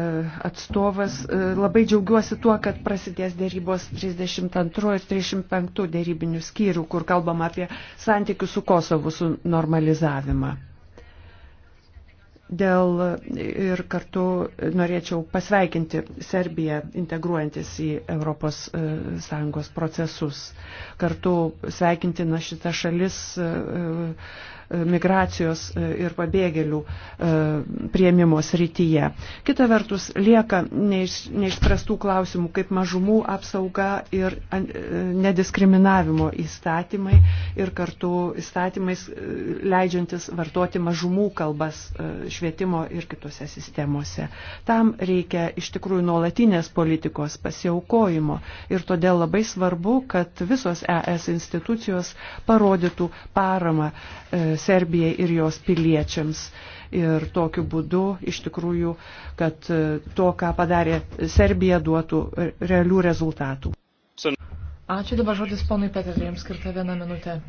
atstovas e, labai džiaugiuosi tuo, kad prasidės dėrybos 32 ir 35 dėrybinių skyrių, kur kalbam apie santykių su Kosovu, su normalizavimą dėl ir kartu norėčiau pasveikinti Serbiją integruojantis į ES e, procesus. Kartu sveikintina šita šalis e, migracijos e, ir pabėgėlių e, prieimimo srityje. Kita vertus, lieka neišspręstų klausimų kaip mažumų apsauga ir e, nediskriminavimo įstatymai ir kartu įstatymais leidžiantis vartoti mažumų kalbas švietimo ir kitose sistemose. Tam reikia iš tikrųjų nuolatinės politikos pasiaukojimo ir todėl labai svarbu, kad visos ES institucijos parodytų paramą Serbijai ir jos piliečiams. Ir tokiu būdu iš tikrųjų, kad e, to, ką padarė Serbija, duotų realių rezultatų. Ačiū dabar žodis ponui Peterlė, jums skirta viena minutė.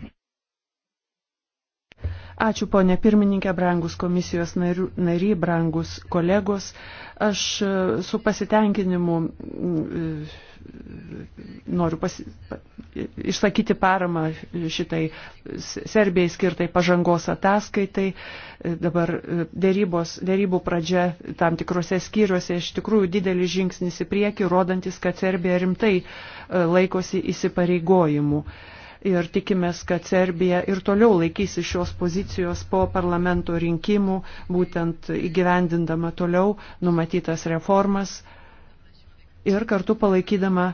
Ačiū, ponė pirmininkė, brangus komisijos nariai, brangus kolegos. Aš e, su pasitenkinimu mm, e, noriu pasi... išsakyti paramą šitai Serbijai skirtai pažangos ataskaitai. E, dabar dėrybos, dėrybų pradžia tam tikrose skyriuose iš tikrųjų didelis žingsnis į priekį, rodantis, kad Serbija rimtai laikosi įsipareigojimų ir tikimės, kad Serbija ir toliau laikysi šios pozicijos po parlamento rinkimų, būtent įgyvendindama toliau numatytas reformas ir kartu palaikydama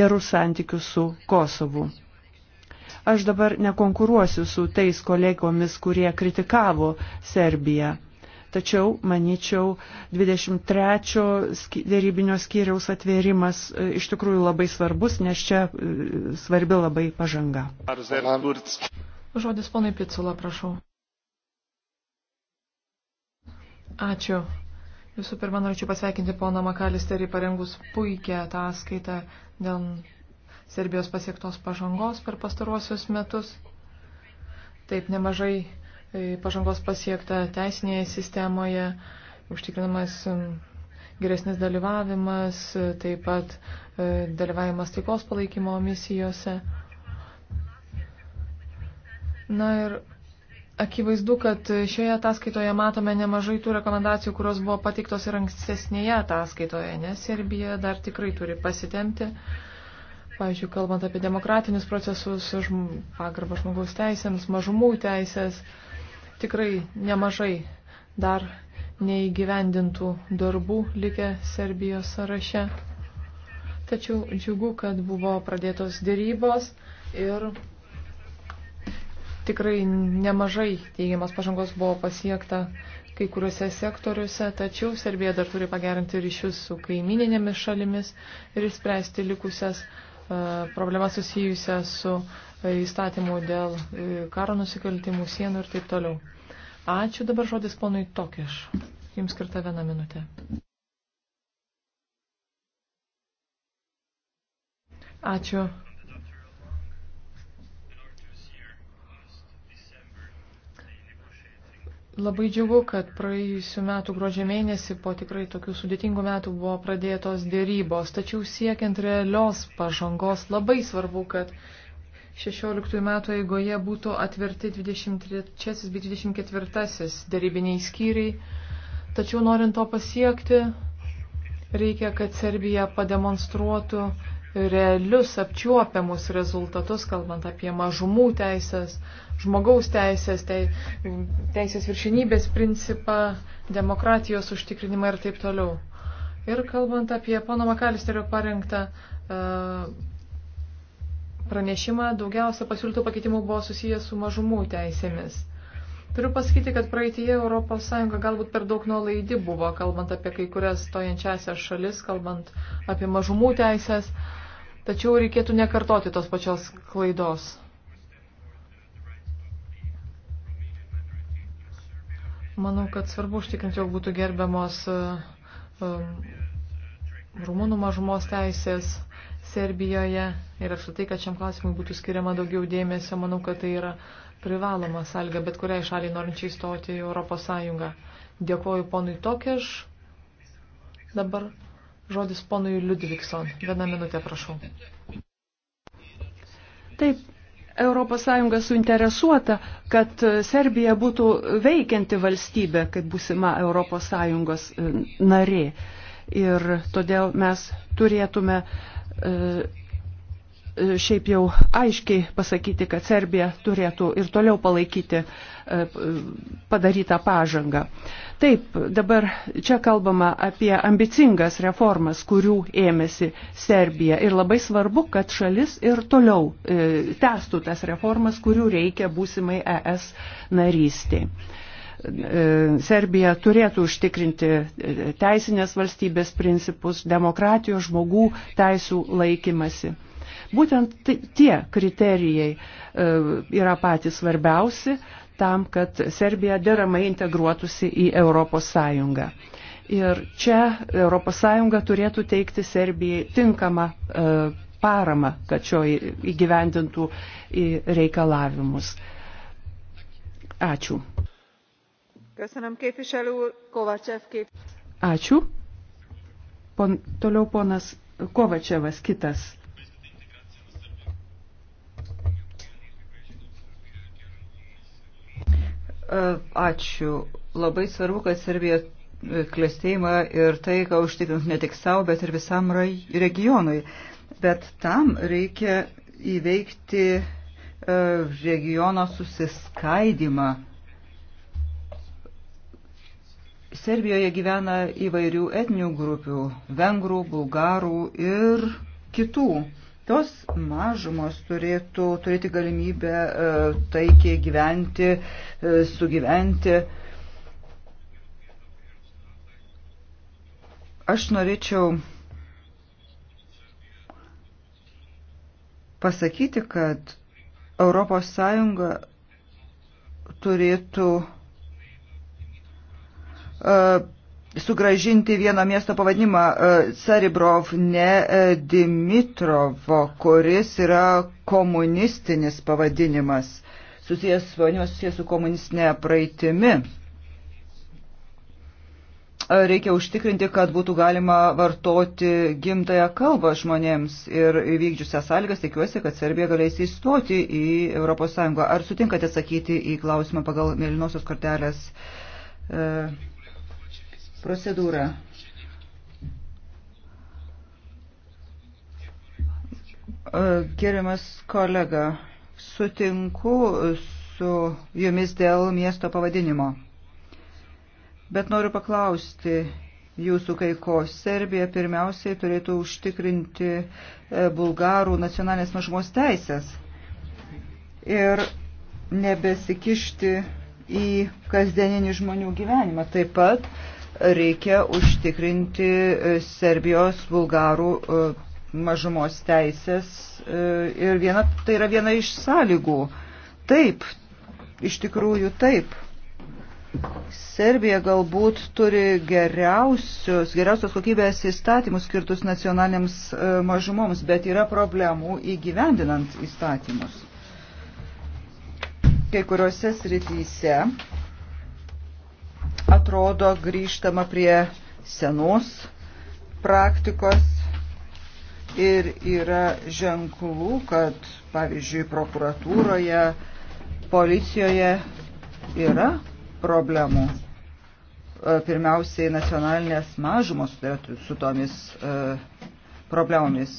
gerus santykius su Kosovu. Aš dabar nekonkuruosiu su tais kolegomis, kurie kritikavo Serbiją Tačiau, manyčiau, 23 dėrybinio skyriaus atvėrimas e, iš tikrųjų labai svarbus, nes čia e, svarbi labai pažanga. Žodis ponai Picula, prašau. Ačiū. Visų pirma, norėčiau pasveikinti poną Makalisterį parengus puikią ataskaitą dėl Serbijos pasiektos pažangos per pastaruosius metus. Taip nemažai E, pažangos pasiekta teisinėje sistemoje, užtikrinamas geresnis dalyvavimas, e, taip pat e, dalyvavimas taikos palaikymo misijose. Na ir akivaizdu, kad šioje ataskaitoje matome nemažai tų rekomendacijų, kurios buvo pateiktos ir ankstesnėje ataskaitoje, nes Serbija dar tikrai turi pasitemti. Pavyzdžiui, kalbant apie demokratinius procesus, pagarbą žmogaus teisėms, mažumų teisės. Uh, tikrai nemažai dar neįgyvendintų darbų likę Serbijos sąraše. Tačiau džiugu, kad buvo pradėtos dėrybos ir tikrai nemažai teigiamas pažangos buvo pasiekta kai kuriuose sektoriuose, tačiau Serbija dar turi pagerinti ryšius su kaimininėmis šalimis ir išspręsti likusias e, problemas susijusias su įstatymų dėl e, karo nusikaltimų, sienų ir taip toliau. Ačiū dabar žodis ponui Tokieš. Jums skirta viena minutė. Ačiū. Labai džiugu, kad praėjusiu metu gruodžio mėnesį po tikrai tokių sudėtingų metų buvo pradėtos dėrybos, tačiau siekiant realios pažangos labai svarbu, kad 16 metų eigoje būtų atverti 23 bei 24 darybiniai skyriai. Tačiau norint to pasiekti, reikia, kad Serbija pademonstruotų realius apčiuopiamus rezultatus, kalbant apie mažumų teisės, žmogaus teisės, te, teisės viršinybės principą, demokratijos užtikrinimą ir taip toliau. Ir kalbant apie pono Makalisterio parengtą uh, pranešimą, daugiausia pasiūlytų pakeitimų buvo susijęs su mažumų teisėmis. Turiu pasakyti, kad praeitie ES galbūt per daug nuolaidi buvo, kalbant apie kai kurias stojančiasias šalis, kalbant apie mažumų teisės, tačiau reikėtų nekartoti tos pačios klaidos. Manau, kad svarbu užtikrinti, jog būtų gerbiamos um, rumūnų mažumos teisės. Serbijoje ir aš tai, kad šiam klausimui būtų skiriama daugiau dėmesio, manau, kad tai yra privaloma sąlyga bet kuriai šaliai norinčiai įstoti į Europos Sąjungą. Dėkuoju ponui Tokeš. Dabar žodis ponui Ludvikson. Vieną minutę, prašau. Taip, ES suinteresuota, kad Serbija būtų veikianti valstybė, kaip būsima ES e, narė. Ir todėl mes turėtume uh, E, e, šiaip jau aiškiai pasakyti, kad Serbija turėtų ir toliau palaikyti e, padarytą pažangą. Taip, dabar čia kalbama apie ambicingas reformas, kurių ėmėsi Serbija. Ir labai svarbu, kad šalis ir toliau testų tas reformas, kurių reikia būsimai ES narystiai. Serbija turėtų užtikrinti teisinės valstybės principus, demokratijos žmogų teisų laikymasi. Būtent tie kriterijai e, yra patys svarbiausi tam, kad Serbija deramai integruotųsi į Europos Sąjungą. Ir čia Europos Sąjunga turėtų teikti Serbijai tinkamą e, paramą, kad šio įgyvendintų reikalavimus. Ačiū. Ačiū. Pon, toliau ponas Kovačiavas kitas. E, ačiū. Labai svarbu, kad Serbija e, klėstėjimą ir tai, ką užtikrins ne tik savo, bet ir visam regionui. Bet tam reikia įveikti e, regiono susiskaidimą Serbijoje gyvena įvairių etnių grupių - vengrų, bulgarų ir kitų. Tos mažumos turėtų turėti galimybę e, taikiai gyventi, e, sugyventi. Aš norėčiau pasakyti, kad ES turėtų E, sugražinti vieno miesto pavadinimą Caribrov, e, ne Dimitrovo, kuris yra komunistinis pavadinimas, susijęs, pavadinimas susijęs su komunistinė praeitimi e, reikia užtikrinti, kad būtų galima vartoti gimtają kalbą žmonėms ir vykdžiusią sąlygas tikiuosi, kad Serbija galės įstoti į ES. Ar sutinkate atsakyti į klausimą pagal mėlynosios kortelės? E, procedūrą. E, Gerimas kolega, sutinku su jumis dėl miesto pavadinimo. Bet noriu paklausti jūsų kai ko. Serbija pirmiausiai turėtų užtikrinti e, bulgarų nacionalinės mažumos teisės ir nebesikišti į kasdieninį žmonių gyvenimą. Taip pat reikia užtikrinti e, Serbijos bulgarų e, mažumos teisės e, ir viena, tai yra viena iš sąlygų. Taip, iš tikrųjų taip. Serbija galbūt turi geriausios, geriausios kokybės įstatymus skirtus nacionaliniams mažumoms, bet yra problemų įgyvendinant įstatymus. Kai kuriuose srityse atrodo grįžtama prie senos praktikos ir yra ženklų, kad pavyzdžiui prokuratūroje, policijoje yra problemų. E, pirmiausiai nacionalinės mažumos su tomis e, problemomis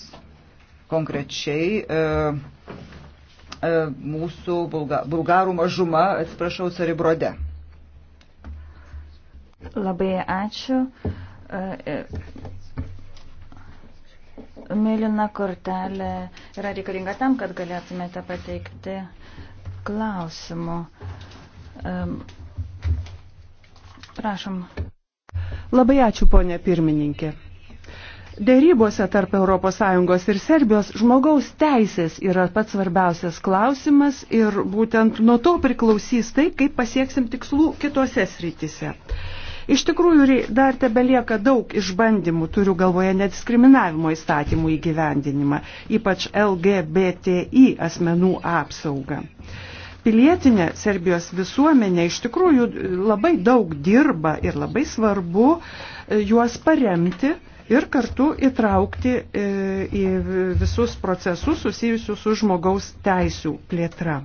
konkrečiai e, mūsų bulgarų mažuma, atsiprašau, Saribrode. Labai ačiū. E, e, mėlyna kortelė yra reikalinga tam, kad galėtumėte pateikti klausimų. E, prašom. Labai ačiū, ponė pirmininkė. Dėrybose tarp ES ir Serbijos žmogaus teisės yra pats svarbiausias klausimas ir būtent nuo to priklausys tai, kaip pasieksim tikslų kitose srityse. Iš tikrųjų, dar tebelieka daug išbandymų, turiu galvoje nediskriminavimo įstatymų įgyvendinimą, ypač LGBTI asmenų apsaugą. Pilietinė Serbijos visuomenė iš tikrųjų labai daug dirba ir labai svarbu e, juos paremti ir kartu įtraukti e, į visus procesus susijusius su žmogaus teisų plėtra.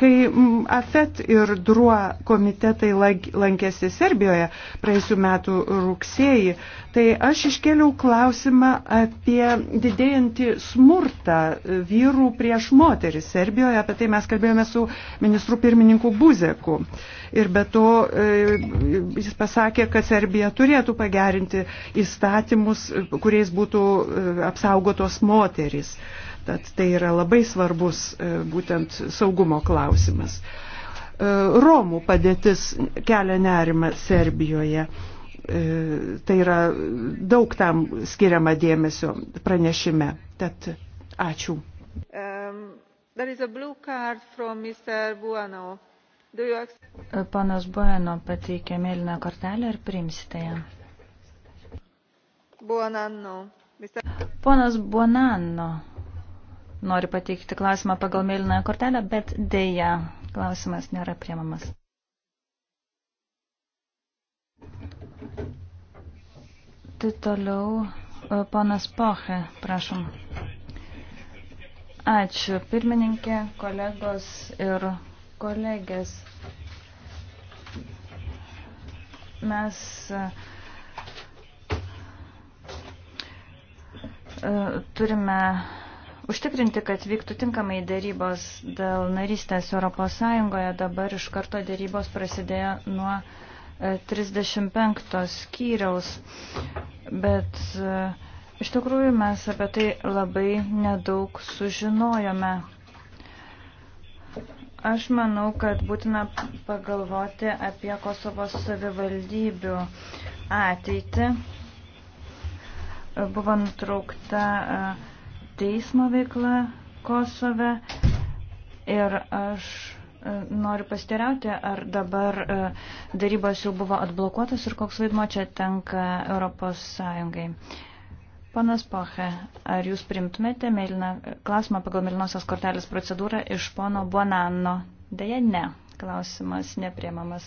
Kai AFET ir DRUO komitetai lankėsi Serbijoje praėjusiu metu rugsėjį, tai aš iškėliau klausimą apie didėjantį smurtą vyrų prieš moterį Serbijoje. Apie tai mes kalbėjome su ministru pirmininku Buzeku. Ir be to e, jis pasakė, kad Serbija turėtų pagerinti įstatymus, kuriais būtų e, apsaugotos moterys. Tad tai yra labai svarbus e, būtent saugumo klausimas. E, Romų padėtis kelia nerimą Serbijoje. E, tai yra daug tam skiriama dėmesio pranešime. Tad ačiū. Um, Buono. You... Panas Bueno pateikė mėlyną kortelę ir priimsite ją. Buonanno. Mister... Ponas Buonanno nori pateikti klausimą pagal mėlynąją kortelę, bet dėja, klausimas nėra priemamas. Tai toliau e, ponas Poche, prašom. Ačiū, pirmininkė, kolegos ir kolegės. Mes e, turime Užtikrinti, kad vyktų tinkamai dėrybos dėl narystės Europos Sąjungoje, dabar iš karto dėrybos prasidėjo nuo 35 e, skyriaus, bet e, iš tikrųjų mes apie tai labai nedaug sužinojome. Aš manau, kad būtina pagalvoti apie Kosovo savivaldybių ateitį. Buvo nutraukta uh, teismo veikla Kosove ir aš e, noriu pasteriauti, ar dabar e, darybos jau buvo atblokuotas ir koks vaidmo čia tenka Europos Sąjungai. Panas Poche, ar jūs primtumėte mėlyną klausimą pagal mėlynosios kortelės procedūrą iš pono Buonanno? Deja, ne. Klausimas nepriemamas.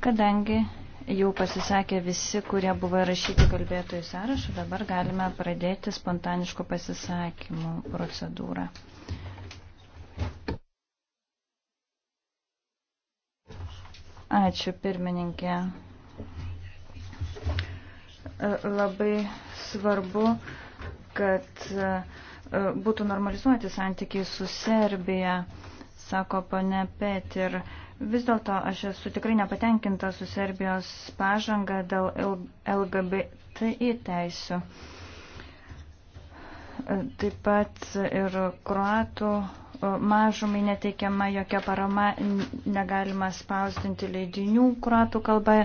Kadangi Jau pasisakė visi, kurie buvo rašyti kalbėtojų sąrašą, dabar galime pradėti spontaniškų pasisakymų procedūrą. Ačiū, pirmininkė. Labai svarbu, kad e, būtų normalizuoti santykiai su Serbija, sako pane Petir. ir Vis dėlto aš esu tikrai nepatenkinta su Serbijos pažanga dėl LGBTI teisių. Taip pat ir kruatų e, mažumai neteikiama jokia parama, negalima spausdinti leidinių kruatų kalba,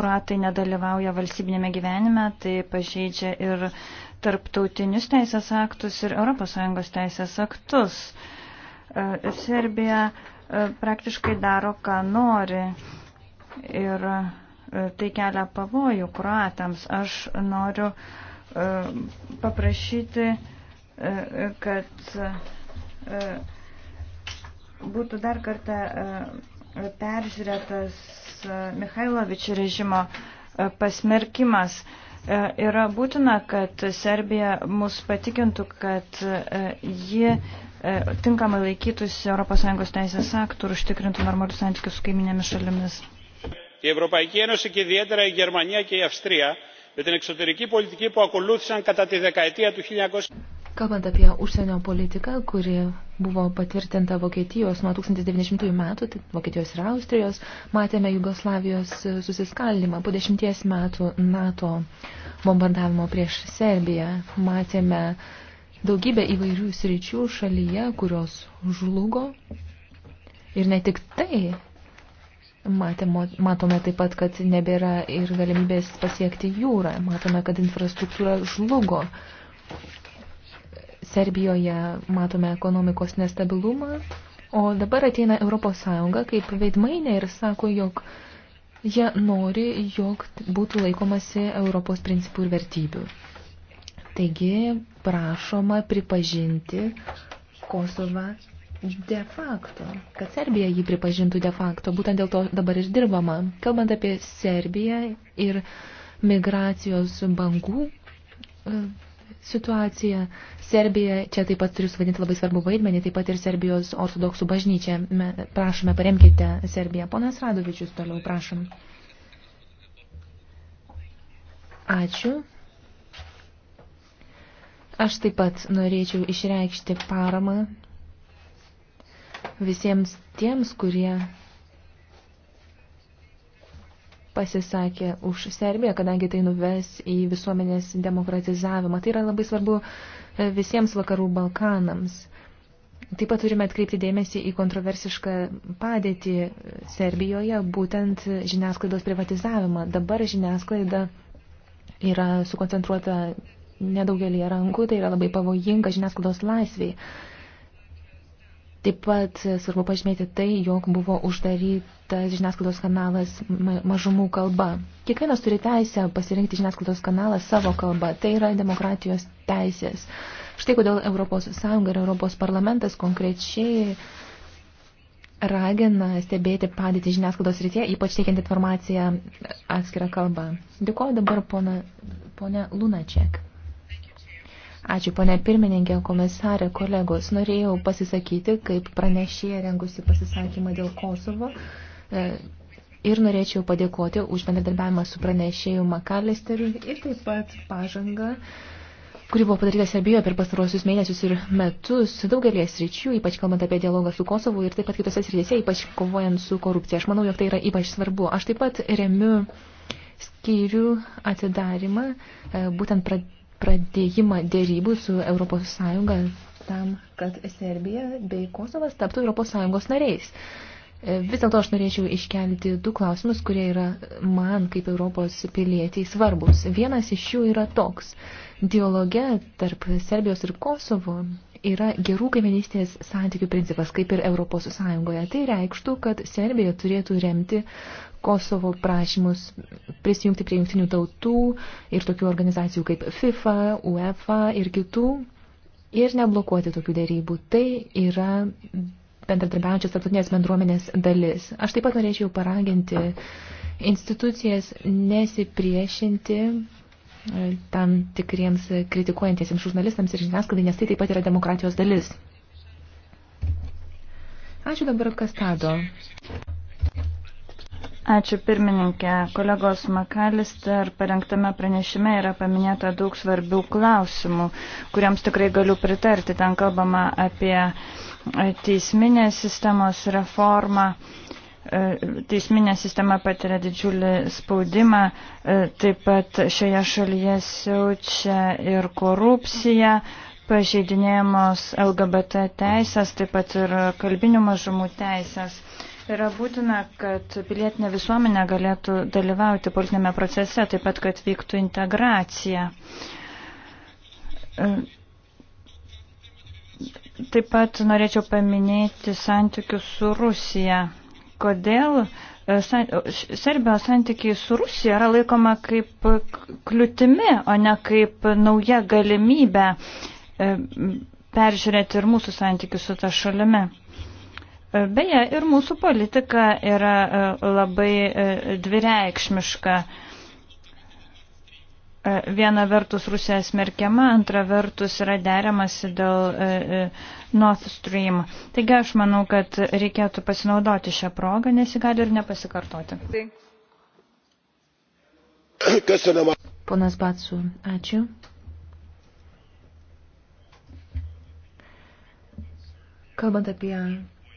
kruatai nedalyvauja valstybinėme gyvenime, tai pažeidžia ir tarptautinius teisės aktus ir ES teisės aktus. Uh, Serbija e, praktiškai daro, ką nori. Ir e, tai kelia pavojų kroatams. Aš noriu e, paprašyti, kad būtų dar kartą peržiūrėtas Mihailovič režimo pasmerkimas. Yra būtina, kad Serbija mus patikintų, kad ji E, tinkamai laikytųsi ES teisės aktų ir užtikrintų normalius santykius su kaiminėmis šalimis. Η Ευρωπαϊκή Ένωση και ιδιαίτερα η Γερμανία και η Αυστρία με την εξωτερική πολιτική που ακολούθησαν κατά τη δεκαετία του 1900. Kalbant apie užsienio politiką, kuri buvo patvirtinta Vokietijos nuo 1990 metų, tai Vokietijos ir Austrijos, matėme Jugoslavijos susiskaldimą. Po dešimties metų NATO bombardavimo prieš Serbiją matėme uh, daugybė įvairių sričių šalyje, kurios žlugo. Ir ne tik tai, matėmo, matome taip pat, kad nebėra ir galimybės pasiekti jūrą. Matome, kad infrastruktūra žlugo. Serbijoje matome ekonomikos nestabilumą, o dabar ateina Europos Sąjunga kaip veidmainė ir sako, jog jie nori, jog būtų laikomasi Europos principų ir vertybių. Taigi prašoma pripažinti Kosovą de facto, kad Serbija jį pripažintų de facto. Būtent dėl to dabar ir dirbama. Kalbant apie Serbiją ir migracijos bangų e, situaciją, Serbija čia taip pat turi suvaidinti labai svarbu vaidmenį, taip pat ir Serbijos ortodoksų bažnyčia. Prašome, paremkite Serbiją. Ponas Radovičius toliau, prašom. Ačiū. Aš taip pat norėčiau išreikšti paramą visiems tiems, kurie pasisakė už Serbiją, kadangi tai nuves į visuomenės demokratizavimą. Tai yra labai svarbu e, visiems vakarų Balkanams. Taip pat turime atkreipti dėmesį į kontroversišką padėtį e, Serbijoje, būtent žiniasklaidos privatizavimą. Dabar žiniasklaida yra sukoncentruota nedaugelį rankų, tai yra labai pavojinga žiniasklaidos laisviai. Taip pat svarbu pažymėti tai, jog buvo uždarytas žiniasklaidos kanalas mažumų kalba. Kiekvienas turi teisę pasirinkti žiniasklaidos kanalą savo kalbą. Tai yra demokratijos teisės. Štai kodėl Europos Sąjunga ir Europos parlamentas konkrečiai ragina stebėti padėtį žiniasklaidos rytie, ypač teikiant informaciją atskirą kalbą. Dėkuoju dabar pona, ponia Lunaček. Ačiū, ponė pirmininkė, komisarė, kolegos. Norėjau pasisakyti, kaip pranešėja rengusi pasisakymą dėl Kosovo. E, ir norėčiau padėkoti už bendradarbiavimą su pranešėju Makalisteriu ir taip pat pažangą, kuri buvo padaryta Serbijoje per pastarosius mėnesius ir metus daugelį sričių, ypač kalbant apie dialogą su Kosovu ir taip pat kitose srityse, ypač kovojant su korupcija. Aš manau, jog tai yra ypač svarbu. Aš taip pat remiu skyrių atidarimą, e, būtent pradėjau pradėjimą dėrybų su ES tam, kad Serbija bei Kosovas taptų ES nariais. E, vis dėlto aš norėčiau iškelti du klausimus, kurie yra man kaip Europos pilietiai svarbus. Vienas iš jų yra toks. Dialoge tarp Serbijos ir Kosovo yra gerų kaiminystės santykių principas, kaip ir Europos Sąjungoje. Tai reikštų, kad Serbija turėtų remti Kosovo prašymus prisijungti prie jungtinių tautų ir tokių organizacijų kaip FIFA, UEFA ir kitų ir neblokuoti tokių dėrybų. Tai yra bendradarbiaujančios tarptautinės bendruomenės dalis. Aš taip pat norėčiau paraginti institucijas nesipriešinti e, tam tikriems kritikuojantiesiems žurnalistams ir žiniasklaidai, nes tai taip pat yra demokratijos dalis. Ačiū dabar Kastado. Ačiū pirmininkė. Kolegos Makalister parengtame pranešime yra paminėta daug svarbių klausimų, kuriems tikrai galiu pritarti. Ten kalbama apie e, teisminės sistemos reformą. E, teisminė sistema patiria didžiulį spaudimą, e, taip pat šioje šalyje siaučia ir korupcija, pažeidinėjamos LGBT teisės, taip pat ir kalbinių mažumų teisės Yra būtina, kad pilietinė visuomenė galėtų dalyvauti politinėme procese, taip pat, kad vyktų integracija. E, taip pat norėčiau paminėti santykius su Rusija. Kodėl e, Serbijos santykiai su Rusija yra laikoma kaip kliūtimi, o ne kaip nauja galimybė e, peržiūrėti ir mūsų santykius su ta šalimi? Beje, ir mūsų politika yra e, labai e, dvireikšmiška. E, viena vertus Rusija smerkiama, antra vertus yra deriamasi dėl North Stream. Taigi aš manau, kad reikėtų pasinaudoti šią progą, nes ji gali ir nepasikartoti. Ponas Batsu, ačiū. Kalbant apie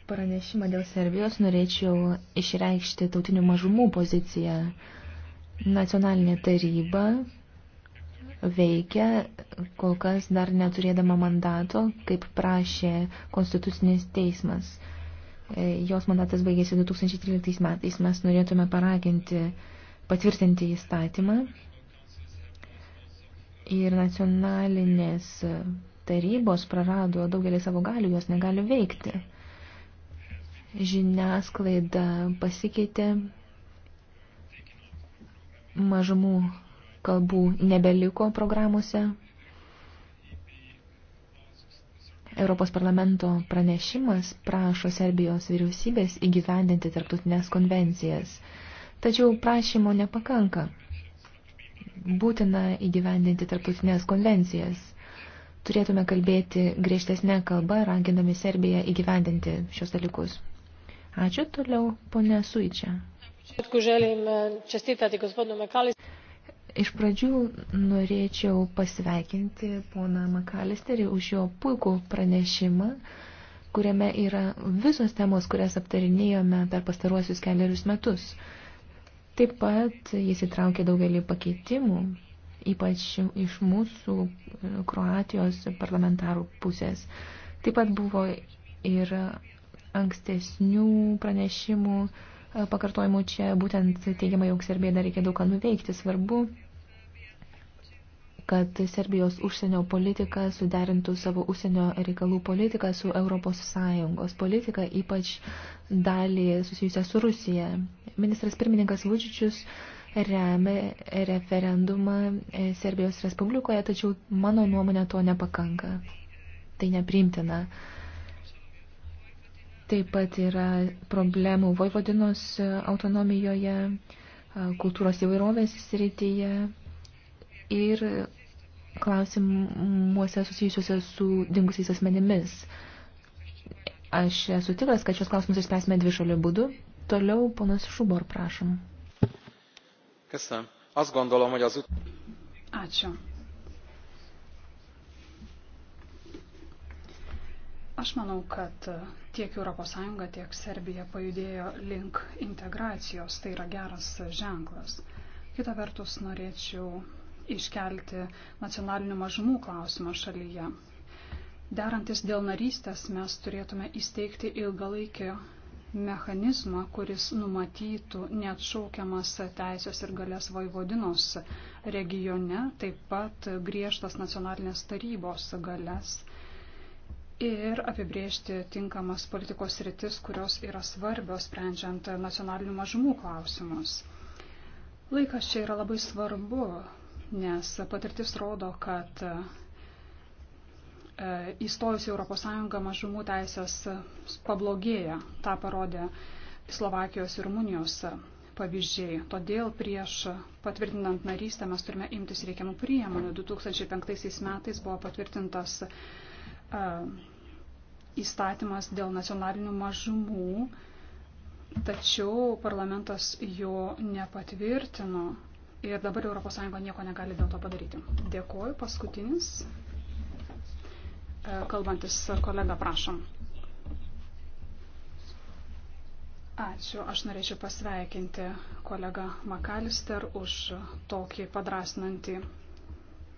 pranešimą dėl Serbijos norėčiau išreikšti tautinių mažumų poziciją. Nacionalinė taryba veikia, kol kas dar neturėdama mandato, kaip prašė Konstitucinis teismas. E, jos mandatas baigėsi 2013 metais. Mes norėtume paraginti patvirtinti įstatymą ir nacionalinės tarybos prarado daugelį savo galių, jos negali veikti žiniasklaida pasikeitė, mažumų kalbų nebeliko programuose. Europos parlamento pranešimas prašo Serbijos vyriausybės įgyvendinti tarptautinės konvencijas. Tačiau prašymo nepakanka. Būtina įgyvendinti tarptautinės konvencijas. Turėtume kalbėti griežtesnę kalbą, ragindami Serbiją įgyvendinti šios dalykus. Ačiū toliau, ponė Suičia. E, iš pradžių norėčiau pasveikinti poną Makalisterį už jo puikų pranešimą, kuriame yra visos temos, kurias aptarinėjome per pastaruosius keliarius metus. Taip pat jis įtraukė daugelį pakeitimų, ypač iš mūsų e, Kroatijos parlamentarų pusės. Taip pat buvo ir ankstesnių pranešimų e, pakartojimų čia būtent teigiama, jog Serbija dar reikia daug ką nuveikti. Svarbu, kad Serbijos užsienio politika suderintų savo užsienio reikalų politiką su Europos Sąjungos politika, ypač dalį susijusią su Rusija. Ministras pirmininkas Vučičius remia referendumą e, Serbijos Respublikoje, tačiau mano nuomonė to nepakanka. Tai nepriimtina. Taip pat yra problemų Vojvodinos autonomijoje, kultūros įvairovės srityje ir klausimuose susijusiuose su dingusiais asmenimis. Aš esu tikras, kad šios klausimus išspręsime dvišaliu būdu. Toliau ponas Šubor, prašom. Ačiū. Aš manau, kad tiek ES, tiek Serbija pajudėjo link integracijos. Tai yra geras ženklas. Kita vertus, norėčiau iškelti nacionalinių mažumų klausimą šalyje. Derantis dėl narystės mes turėtume įsteigti ilgalaikį mechanizmą, kuris numatytų neatšaukiamas teisės ir galės Vojvodinos regione, taip pat griežtas nacionalinės tarybos galės ir apibriežti tinkamas politikos rytis, kurios yra svarbios sprendžiant nacionalinių mažumų klausimus. Laikas čia yra labai svarbu, nes patirtis rodo, kad e, įstojus į ES mažumų teisės pablogėja. Ta parodė Slovakijos ir Rumunijos pavyzdžiai. Todėl prieš patvirtinant narystę mes turime imtis reikiamų priemonių. 2005 metais buvo patvirtintas įstatymas dėl nacionalinių mažumų, tačiau parlamentas jo nepatvirtino ir dabar ES nieko negali dėl to padaryti. Dėkuoju, paskutinis. Kalbantis kolega, prašom. Ačiū. Aš norėčiau pasveikinti kolegą Makalister už tokį padrasnantį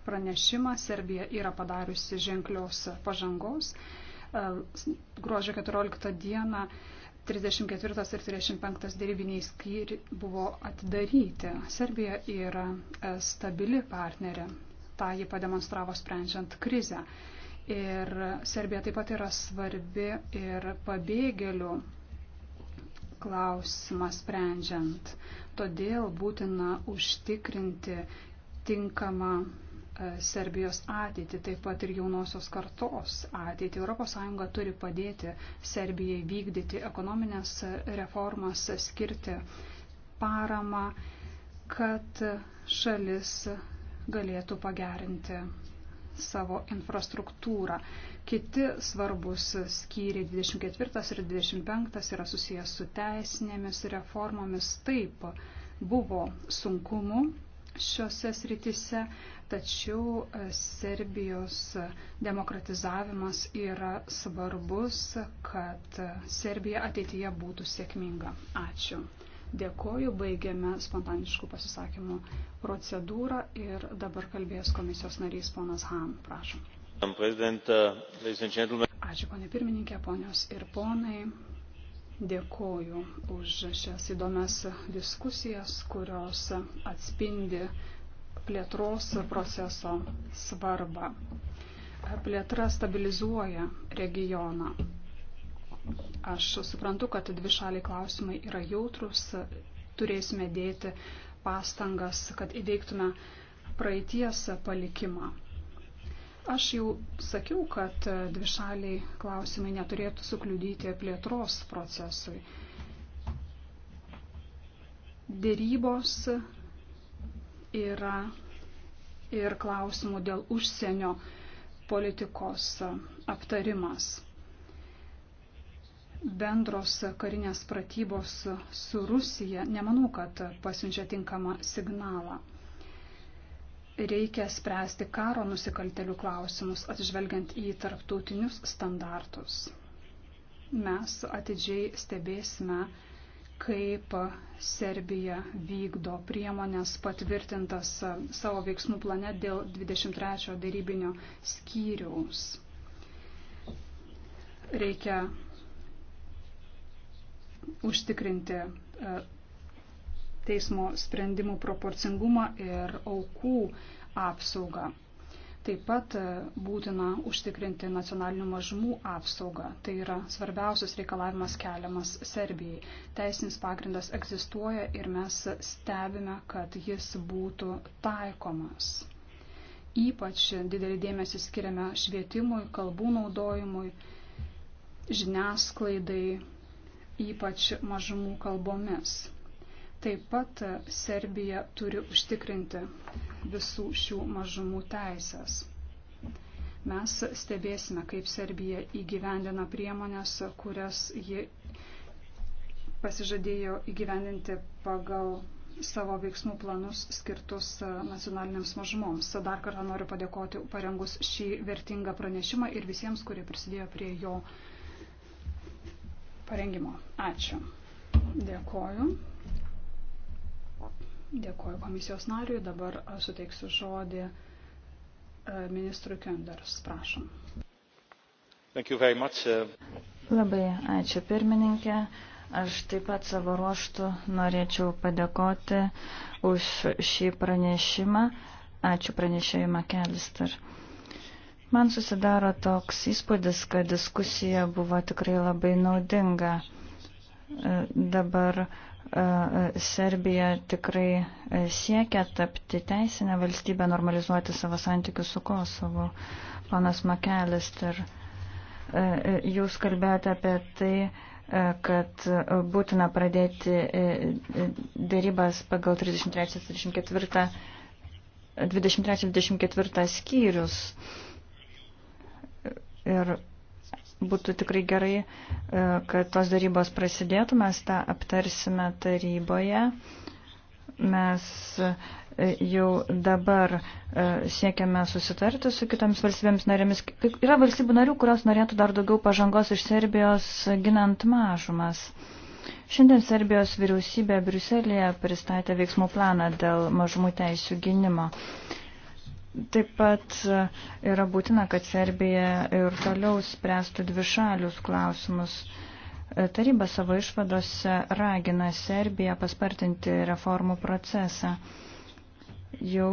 pranešimą. Serbija yra padariusi ženklios pažangos. E, gruodžio 14 dieną 34 ir 35 dėrybiniai skyri buvo atidaryti. Serbija yra e, stabili partnerė. Ta ji pademonstravo sprendžiant krizę. Ir Serbija taip pat yra svarbi ir pabėgėlių klausimą sprendžiant. Todėl būtina užtikrinti tinkamą Serbijos ateitį, taip pat ir jaunosios kartos ateitį. ES turi padėti Serbijai vykdyti ekonominės reformas, skirti paramą, kad šalis galėtų pagerinti savo infrastruktūrą. Kiti svarbus skyriai 24 ir 25 yra susijęs su teisinėmis reformomis. Taip, buvo sunkumų šiuose sritise, tačiau e, Serbijos demokratizavimas yra svarbus, kad e, Serbija ateityje būtų sėkminga. Ačiū. Dėkoju, baigiame spontaniškų pasisakymų procedūrą ir dabar kalbės komisijos narys ponas Han. Prašom. Uh, Ačiū, ponė pirmininkė, ponios ir ponai. Dėkoju už šias įdomias diskusijas, kurios atspindi plėtros proceso svarbą. Plėtra stabilizuoja regioną. Aš suprantu, kad dvi šaliai klausimai yra jautrus, turėsime dėti pastangas, kad įveiktume praeities palikimą. Aš jau sakiau, kad e, dvišaliai klausimai neturėtų sukliudyti plėtros procesui. Dėrybos yra ir klausimų dėl užsienio politikos aptarimas. Bendros karinės pratybos su Rusija nemanau, kad pasiunčia tinkamą signalą reikia spręsti karo nusikaltelių klausimus, atsižvelgiant į tarptautinius standartus. Mes atidžiai stebėsime, kaip Serbija vykdo priemonės patvirtintas savo veiksmų plane dėl 23 darybinio skyriaus. Reikia užtikrinti teismo sprendimų proporcingumą ir aukų apsaugą. Taip pat e, būtina užtikrinti nacionalinių mažumų apsaugą. Tai yra svarbiausias reikalavimas keliamas Serbijai. Teisinis pagrindas egzistuoja ir mes stebime, kad jis būtų taikomas. Ypač didelį dėmesį skiriame švietimui, kalbų naudojimui, žiniasklaidai, ypač mažumų kalbomis. Taip pat Serbija turi užtikrinti visų šių mažumų teisės. Mes stebėsime, kaip Serbija įgyvendina priemonės, kurias ji pasižadėjo įgyvendinti pagal savo veiksmų planus skirtus nacionaliniams mažumoms. Dar kartą noriu padėkoti parengus šį vertingą pranešimą ir visiems, kurie prisidėjo prie jo parengimo. Ačiū. Dėkoju. Dėkuoju komisijos nariui. Dabar e, suteiksiu žodį e, ministrui Kenders. Prašom. Uh, labai ačiū pirmininkė. Aš taip pat savo ruoštų norėčiau padėkoti už šį pranešimą. Ačiū pranešėjui Makelister. Man susidaro toks įspūdis, kad diskusija buvo tikrai labai naudinga. E, dabar E, e, Serbija tikrai e, siekia tapti teisinę valstybę, normalizuoti savo santykius su Kosovu. Panas Makelister, jūs kalbėjote apie tai, kad būtina pradėti dėrybas pagal 33-24 skyrius. Ir būtų tikrai gerai, e, kad tos darybos prasidėtų, mes tą aptarsime taryboje. Mes e, jau dabar e, siekiame susitarti su kitoms valstybėms narėmis. Yra valstybių narių, kurios norėtų dar daugiau pažangos iš Serbijos ginant mažumas. Šiandien Serbijos vyriausybė Briuselėje pristatė veiksmų planą dėl mažumų teisų gynimo. Taip pat e, yra būtina, kad Serbija ir toliau spręstų dvišalius klausimus. E, taryba savo išvadose ragina Serbiją paspartinti reformų procesą. Jau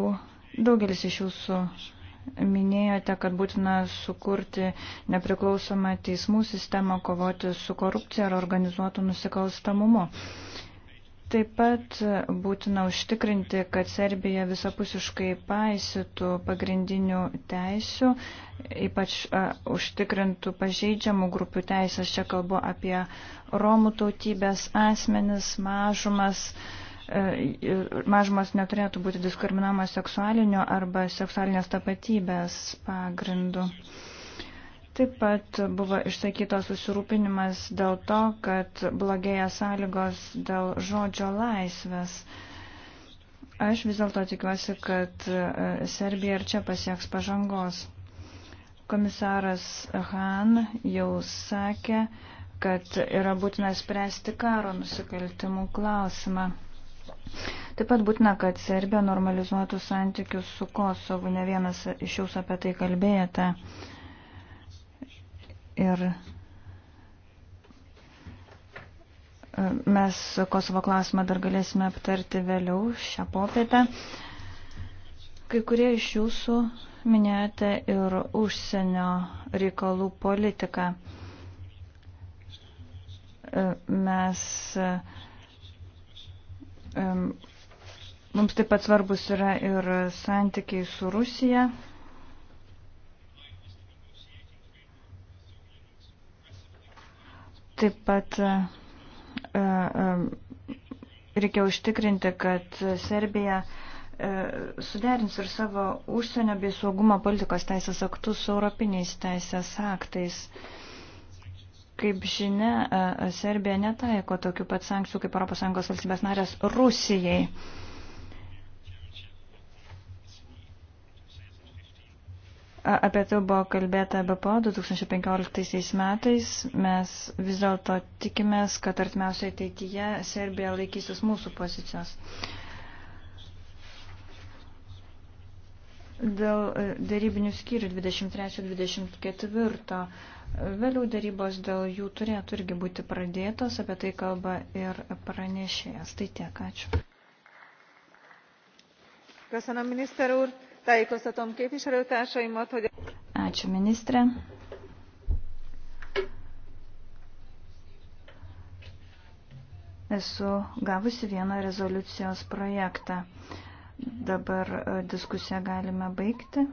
daugelis iš jūsų minėjote, kad būtina sukurti nepriklausomą teismų sistemą, kovoti su korupcija ar organizuotų nusikalstamumu. Taip pat būtina užtikrinti, kad Serbija visapusiškai paisytų pagrindinių teisių, ypač uh, užtikrintų pažeidžiamų grupių teisės. Čia kalbu apie Romų tautybės asmenis, mažumas. E, mažumas neturėtų būti diskriminamas seksualinio arba seksualinės tapatybės pagrindu. Uh, Taip pat buvo išsakytas susirūpinimas dėl to, kad blogėja sąlygos dėl žodžio laisvės. Aš vis dėlto tikiuosi, kad e, Serbija ir čia pasieks pažangos. Komisaras Han jau sakė, kad yra būtina spręsti karo nusikaltimų klausimą. Taip pat būtina, kad Serbija normalizuotų santykius su Kosovu, ne vienas iš jūsų apie tai kalbėjote. Ta Ir e, mes Kosovo klausimą dar galėsime aptarti vėliau šią popietę. Kai kurie iš jūsų minėjote ir užsienio reikalų politiką. E, mes, e, mums taip pat svarbus yra ir santykiai su Rusija. Taip pat e, e, reikia užtikrinti, kad Serbija e, suderins ir savo užsienio bei saugumo politikos teisės aktus su europiniais teisės aktais. Kaip žinia, Serbija netaiko tokių pat sankcijų kaip ES valstybės narės Rusijai. Apie tai buvo kalbėta BPO 2015 metais. Mes vis dėlto tikimės, kad artimiausioje ateityje Serbija laikysis mūsų pozicijos. Dėl e, darybinių skyrių 23-24. Vėliau darybos dėl jų turėtų irgi būti pradėtos, apie tai kalba ir pranešėjas. Tai tiek, ačiū. Köszönöm, miniszter úr! Tájékoztatom képviselőtársaimat, hogy... Ačiū, ministrė. Esu gavusi vieną rezoliucijos projektą. Dabar e, diskusiją galime baigti.